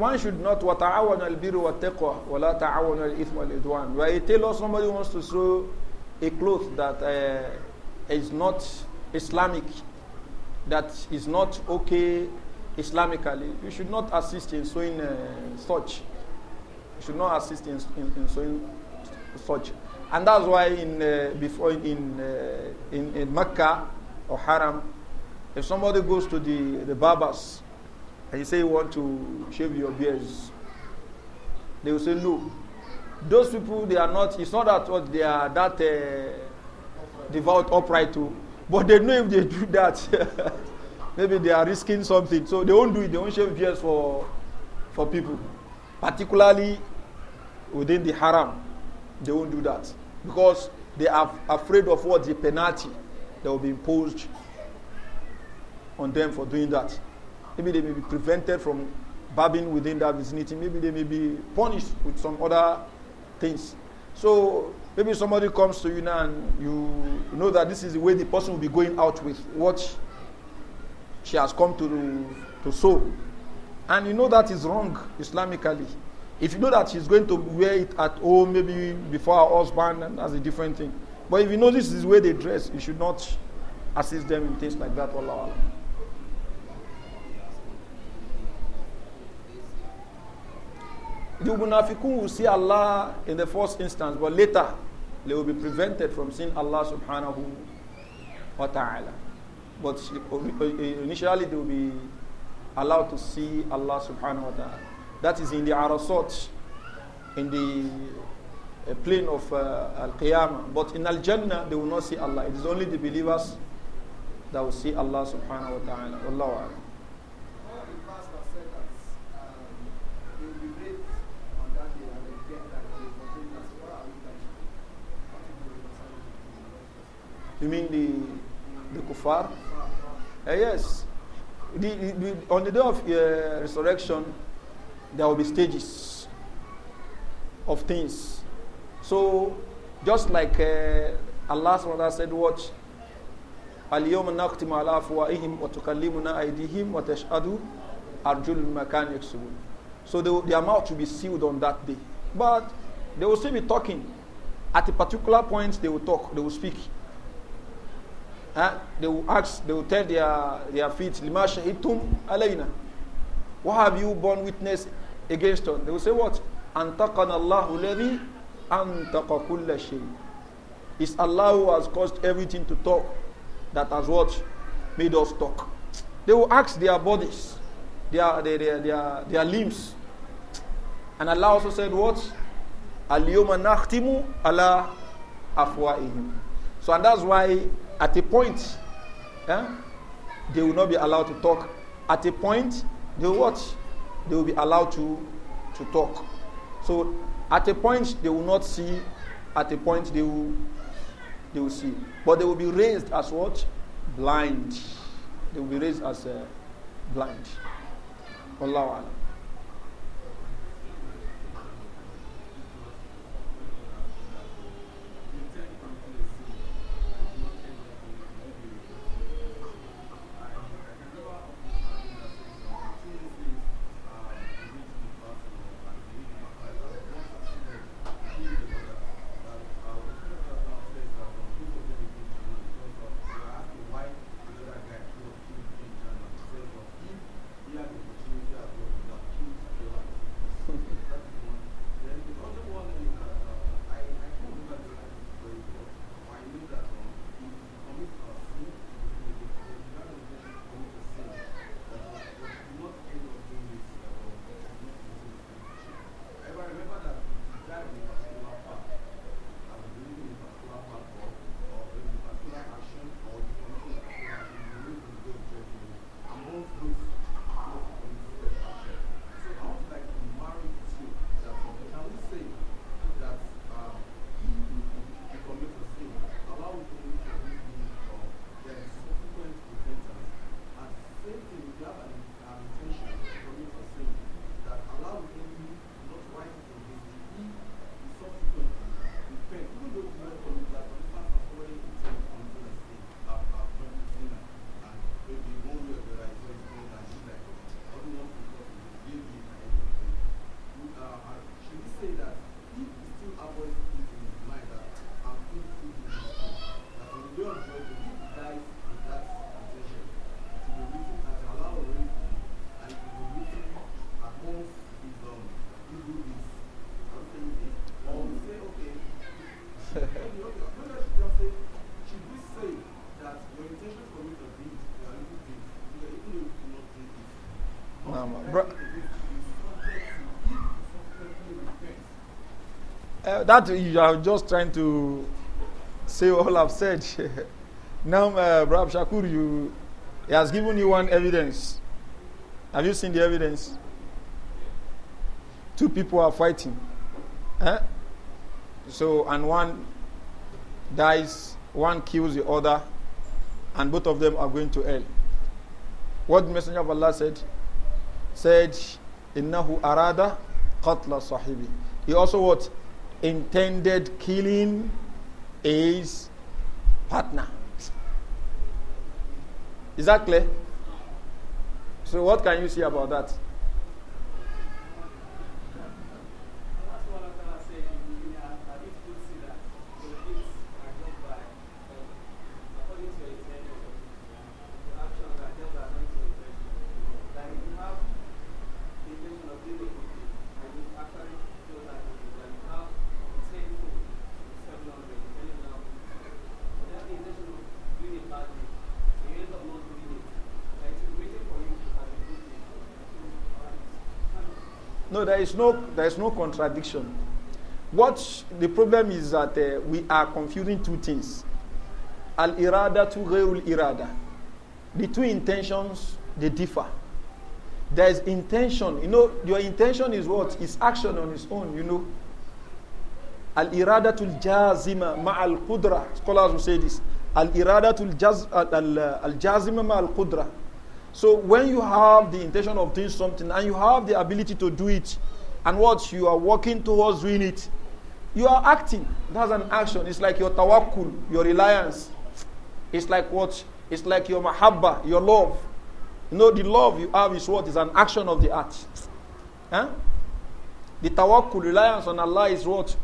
one should not وَتَعَوَنَ الْبِرُ وَالتَّقْوَى وَلَا تَعَوَنَ الْإِثْمَ وَالْإِدْوَانِ Where a tailor, somebody wants to sew a cloth that uh, is not Islamic, that is not okay Islamically, you should not assist in sewing uh, such. You should not assist in, in, in sewing such. And that's why in uh, before in, in, in Mecca or Haram, if somebody goes to the, the barbers, and you say you want to shave your beards, they will say no. Those people, they are not, it's not that what they are that uh, devout upright to, oh. but they know if they do *laughs* that, *laughs* maybe they are risking something. So they won't do it, they won't shave beards for, for people, particularly within the haram. They won't do that because they are afraid of what the penalty that will be imposed on them for doing that. Maybe they may be prevented from babbling within that vicinity. Maybe they may be punished with some other things. So maybe somebody comes to you now and you know that this is the way the person will be going out with what she has come to, to sow. And you know that is wrong Islamically. If you know that she's going to wear it at home, maybe before her husband, that's a different thing. But if you know this is the way they dress, you should not assist them in things like that. Allah. Allah. the munafiqun will see Allah in the first instance, but later they will be prevented from seeing Allah subhanahu wa ta'ala. But initially they will be allowed to see Allah subhanahu wa ta'ala. That is in the Arasat, in the uh, plane of uh, Al-Qiyamah. But in Al-Jannah they will not see Allah. It is only the believers that will see Allah subhanahu wa ta'ala. Wallahu You mean the, the kuffar? Uh, yes. The, the, on the day of uh, resurrection, there will be stages of things. So, just like uh, Allah said, watch. اليوم نختم على أفواههم وتكلمنا أيديهم وتشهد أرجل المكان يكسبون So the amount will be sealed on that day. But they will still be talking. At a particular point, they will talk, they will speak. Huh? They will ask, they will tell their, their feet, Limasha itum alayna. What have you borne witness against us? They will say what? Antaqana Allahu ladhi antaqa kulla shay. It's Allah who has caused everything to talk that has what? Made us talk. They will ask their bodies, their, their, their, their, their limbs. And Allah also said what? Al-yawma nakhtimu ala afwa'ihim. So and that's why at a point, eh, they will not be allowed to talk. At a point, they will They will be allowed to, to talk. So at a point, they will not see. At a point, they will, they will see. But they will be raised as what? Blind. They will be raised as uh, blind. Wallahu alam. Uh, that you are just trying to say all I've said. *laughs* now, uh, Brab Shakur, you, he has given you one evidence. Have you seen the evidence? Two people are fighting. Eh? So, and one dies, one kills the other, and both of them are going to hell. What the Messenger of Allah said? Said, Innahu arada qatla sahibi. He also what? Intended killing his partner. Is that clear? So what can you see about that? So there is no, there is no contradiction. What the problem is that uh, we are confusing two things. Al irada to irada. The two intentions they differ. There is intention. You know, your intention is what? It's action on its own, you know. Al irada iradatul jazima ma'al qudra. Scholars will say this. Al irada jaz, al, al, jazima ma'al qudra. So when you have the intention of doing something and you have the ability to do it, and what you are working towards doing it, you are acting. That's an action. It's like your tawakkul, your reliance. It's like what? It's like your mahabba, your love. You know, the love you have is what is an action of the heart. Huh? The tawakkul, reliance on Allah is what?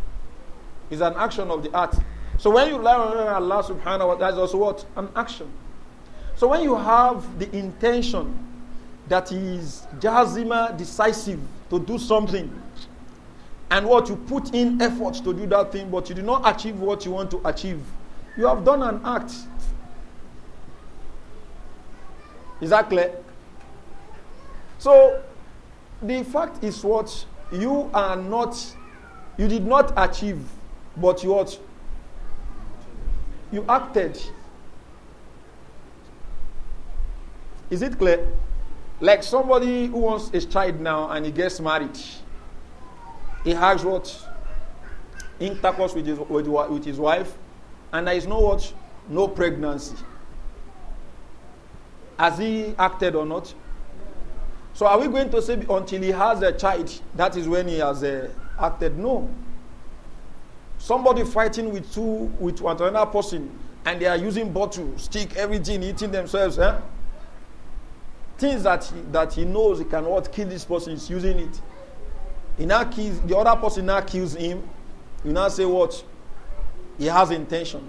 Is an action of the heart. So when you rely on Allah subhanahu wa ta'ala, that's also what? An action. So when you have the intention that is jazima decisive to do something, and what you put in effort to do that thing, but you do not achieve what you want to achieve, you have done an act. Is that clear? So the fact is what you are not, you did not achieve, but you what? You acted. Is it clear? Like somebody who wants a child now and he gets married, he has what? Intercourse with his, with, with his wife, and there is no what? No pregnancy. Has he acted or not? So are we going to say until he has a child, that is when he has uh, acted? No. Somebody fighting with two with another person and they are using bottle, stick, everything, eating themselves, eh? Things that he, that he knows he cannot kill this person, he's using it. He now kills, the other person now kills him. You now say what? He has intention.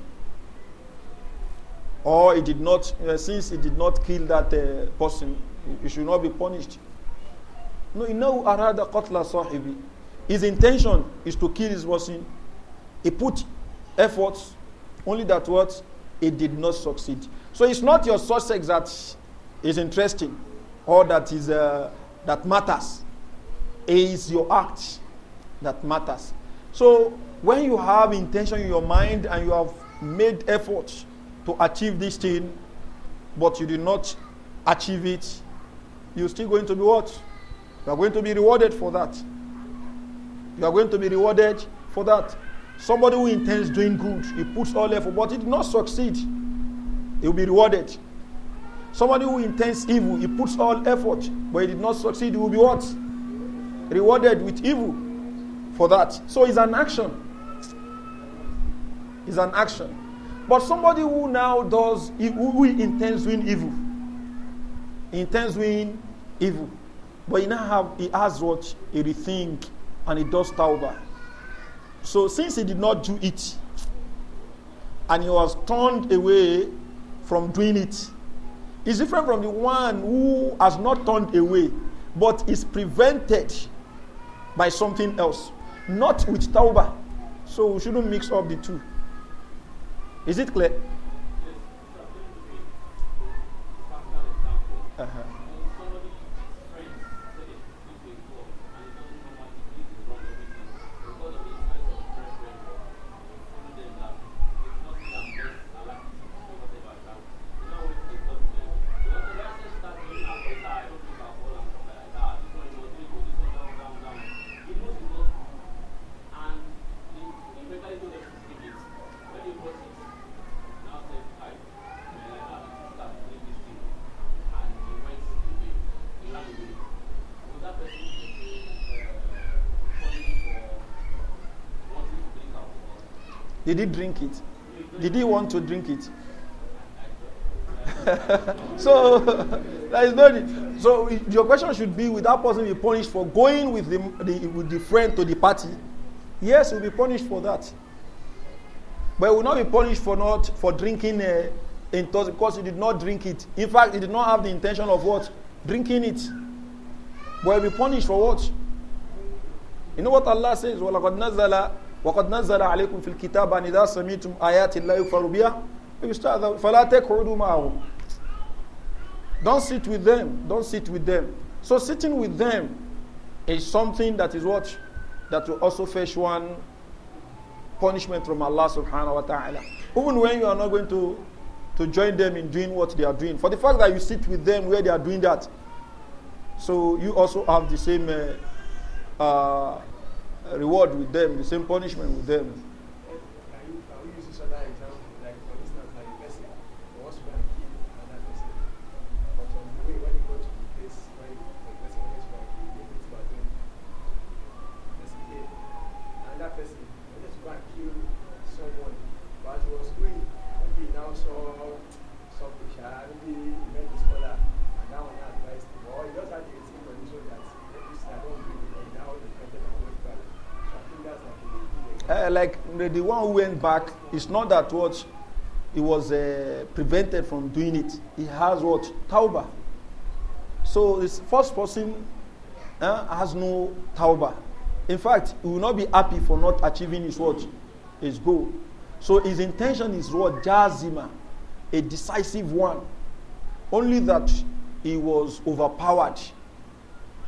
Or he did not, uh, since he did not kill that uh, person, he should not be punished. No, you know, arada qatla sahibi. His intention is to kill his person. He put efforts, only that what? he did not succeed. So it's not your success that is interesting All that is uh, that matters is your act that matters so when you have intention in your mind and you have made efforts to achieve this thing but you did not achieve it you're still going to be what you are going to be rewarded for that you are going to be rewarded for that somebody who intends doing good he puts all effort but it did not succeed he will be rewarded Somebody who intends evil, he puts all effort, but he did not succeed, he will be what? Rewarded with evil for that. So it's an action. It's an action. But somebody who now does, who intends doing evil, intends doing evil, but he now have, he has what? He rethink and he does tawbah. So since he did not do it, and he was turned away from doing it, is different from the one who has not turned away but is prevented by something else, not with tauba. So we shouldn't mix up the two. Is it clear? Did he drink it? Did he want to drink it? *laughs* so *laughs* that is not. So your question should be: Would that person be punished for going with the, the, with the friend to the party? Yes, he will be punished for that. But he will not be punished for not for drinking uh, because he did not drink it. In fact, he did not have the intention of what drinking it. But will be punished for what? You know what Allah says? وقد نزل عليكم في الكتاب أن إذا سمعتم آيات الله يكفر بها فلا تقعدوا معهم Don't sit with them. Don't sit with them. So sitting with them is something that is what? That will also fetch one punishment from Allah subhanahu wa ta'ala. Even when you are not going to, to join them in doing what they are doing. For the fact that you sit with them where they are doing that. So you also have the same uh, uh, reward with them, the same punishment with them. the, the one who went back, it's not that what he was uh, prevented from doing it. He has what? tauba. So this first person uh, has no tauba. In fact, he will not be happy for not achieving his what? His goal. So his intention is what? Jazima, a decisive one. Only that he was overpowered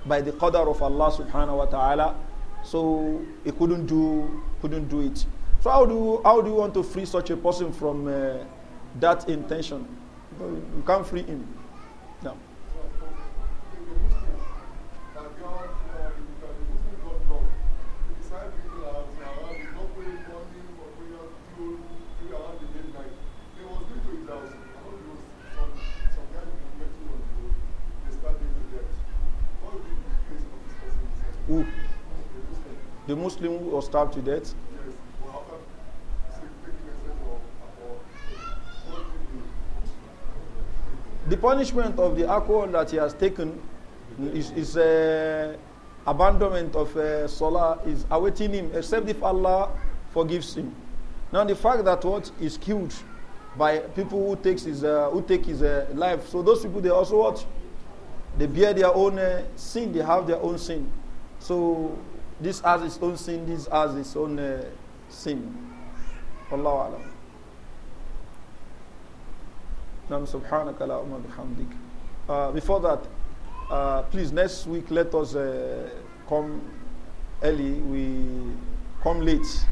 by the qadar of Allah subhanahu wa ta'ala. So he couldn't do, couldn't do it. So how do you, how do you want to free such a person from uh, that intention? You can't free him. No. Who? The Muslim was stabbed to death? the punishment of the alcohol that he has taken is, is uh, abandonment of uh, salah is awaiting him, except if Allah forgives him. Now the fact that what is killed by people who takes his uh, who take his uh, life, so those people they also what they bear their own uh, sin, they have their own sin. So this has its own sin, this has its own uh, sin. Allah Nam subhanaka la bihamdik. Uh, before that, uh, please next week let us uh, come early. We come late.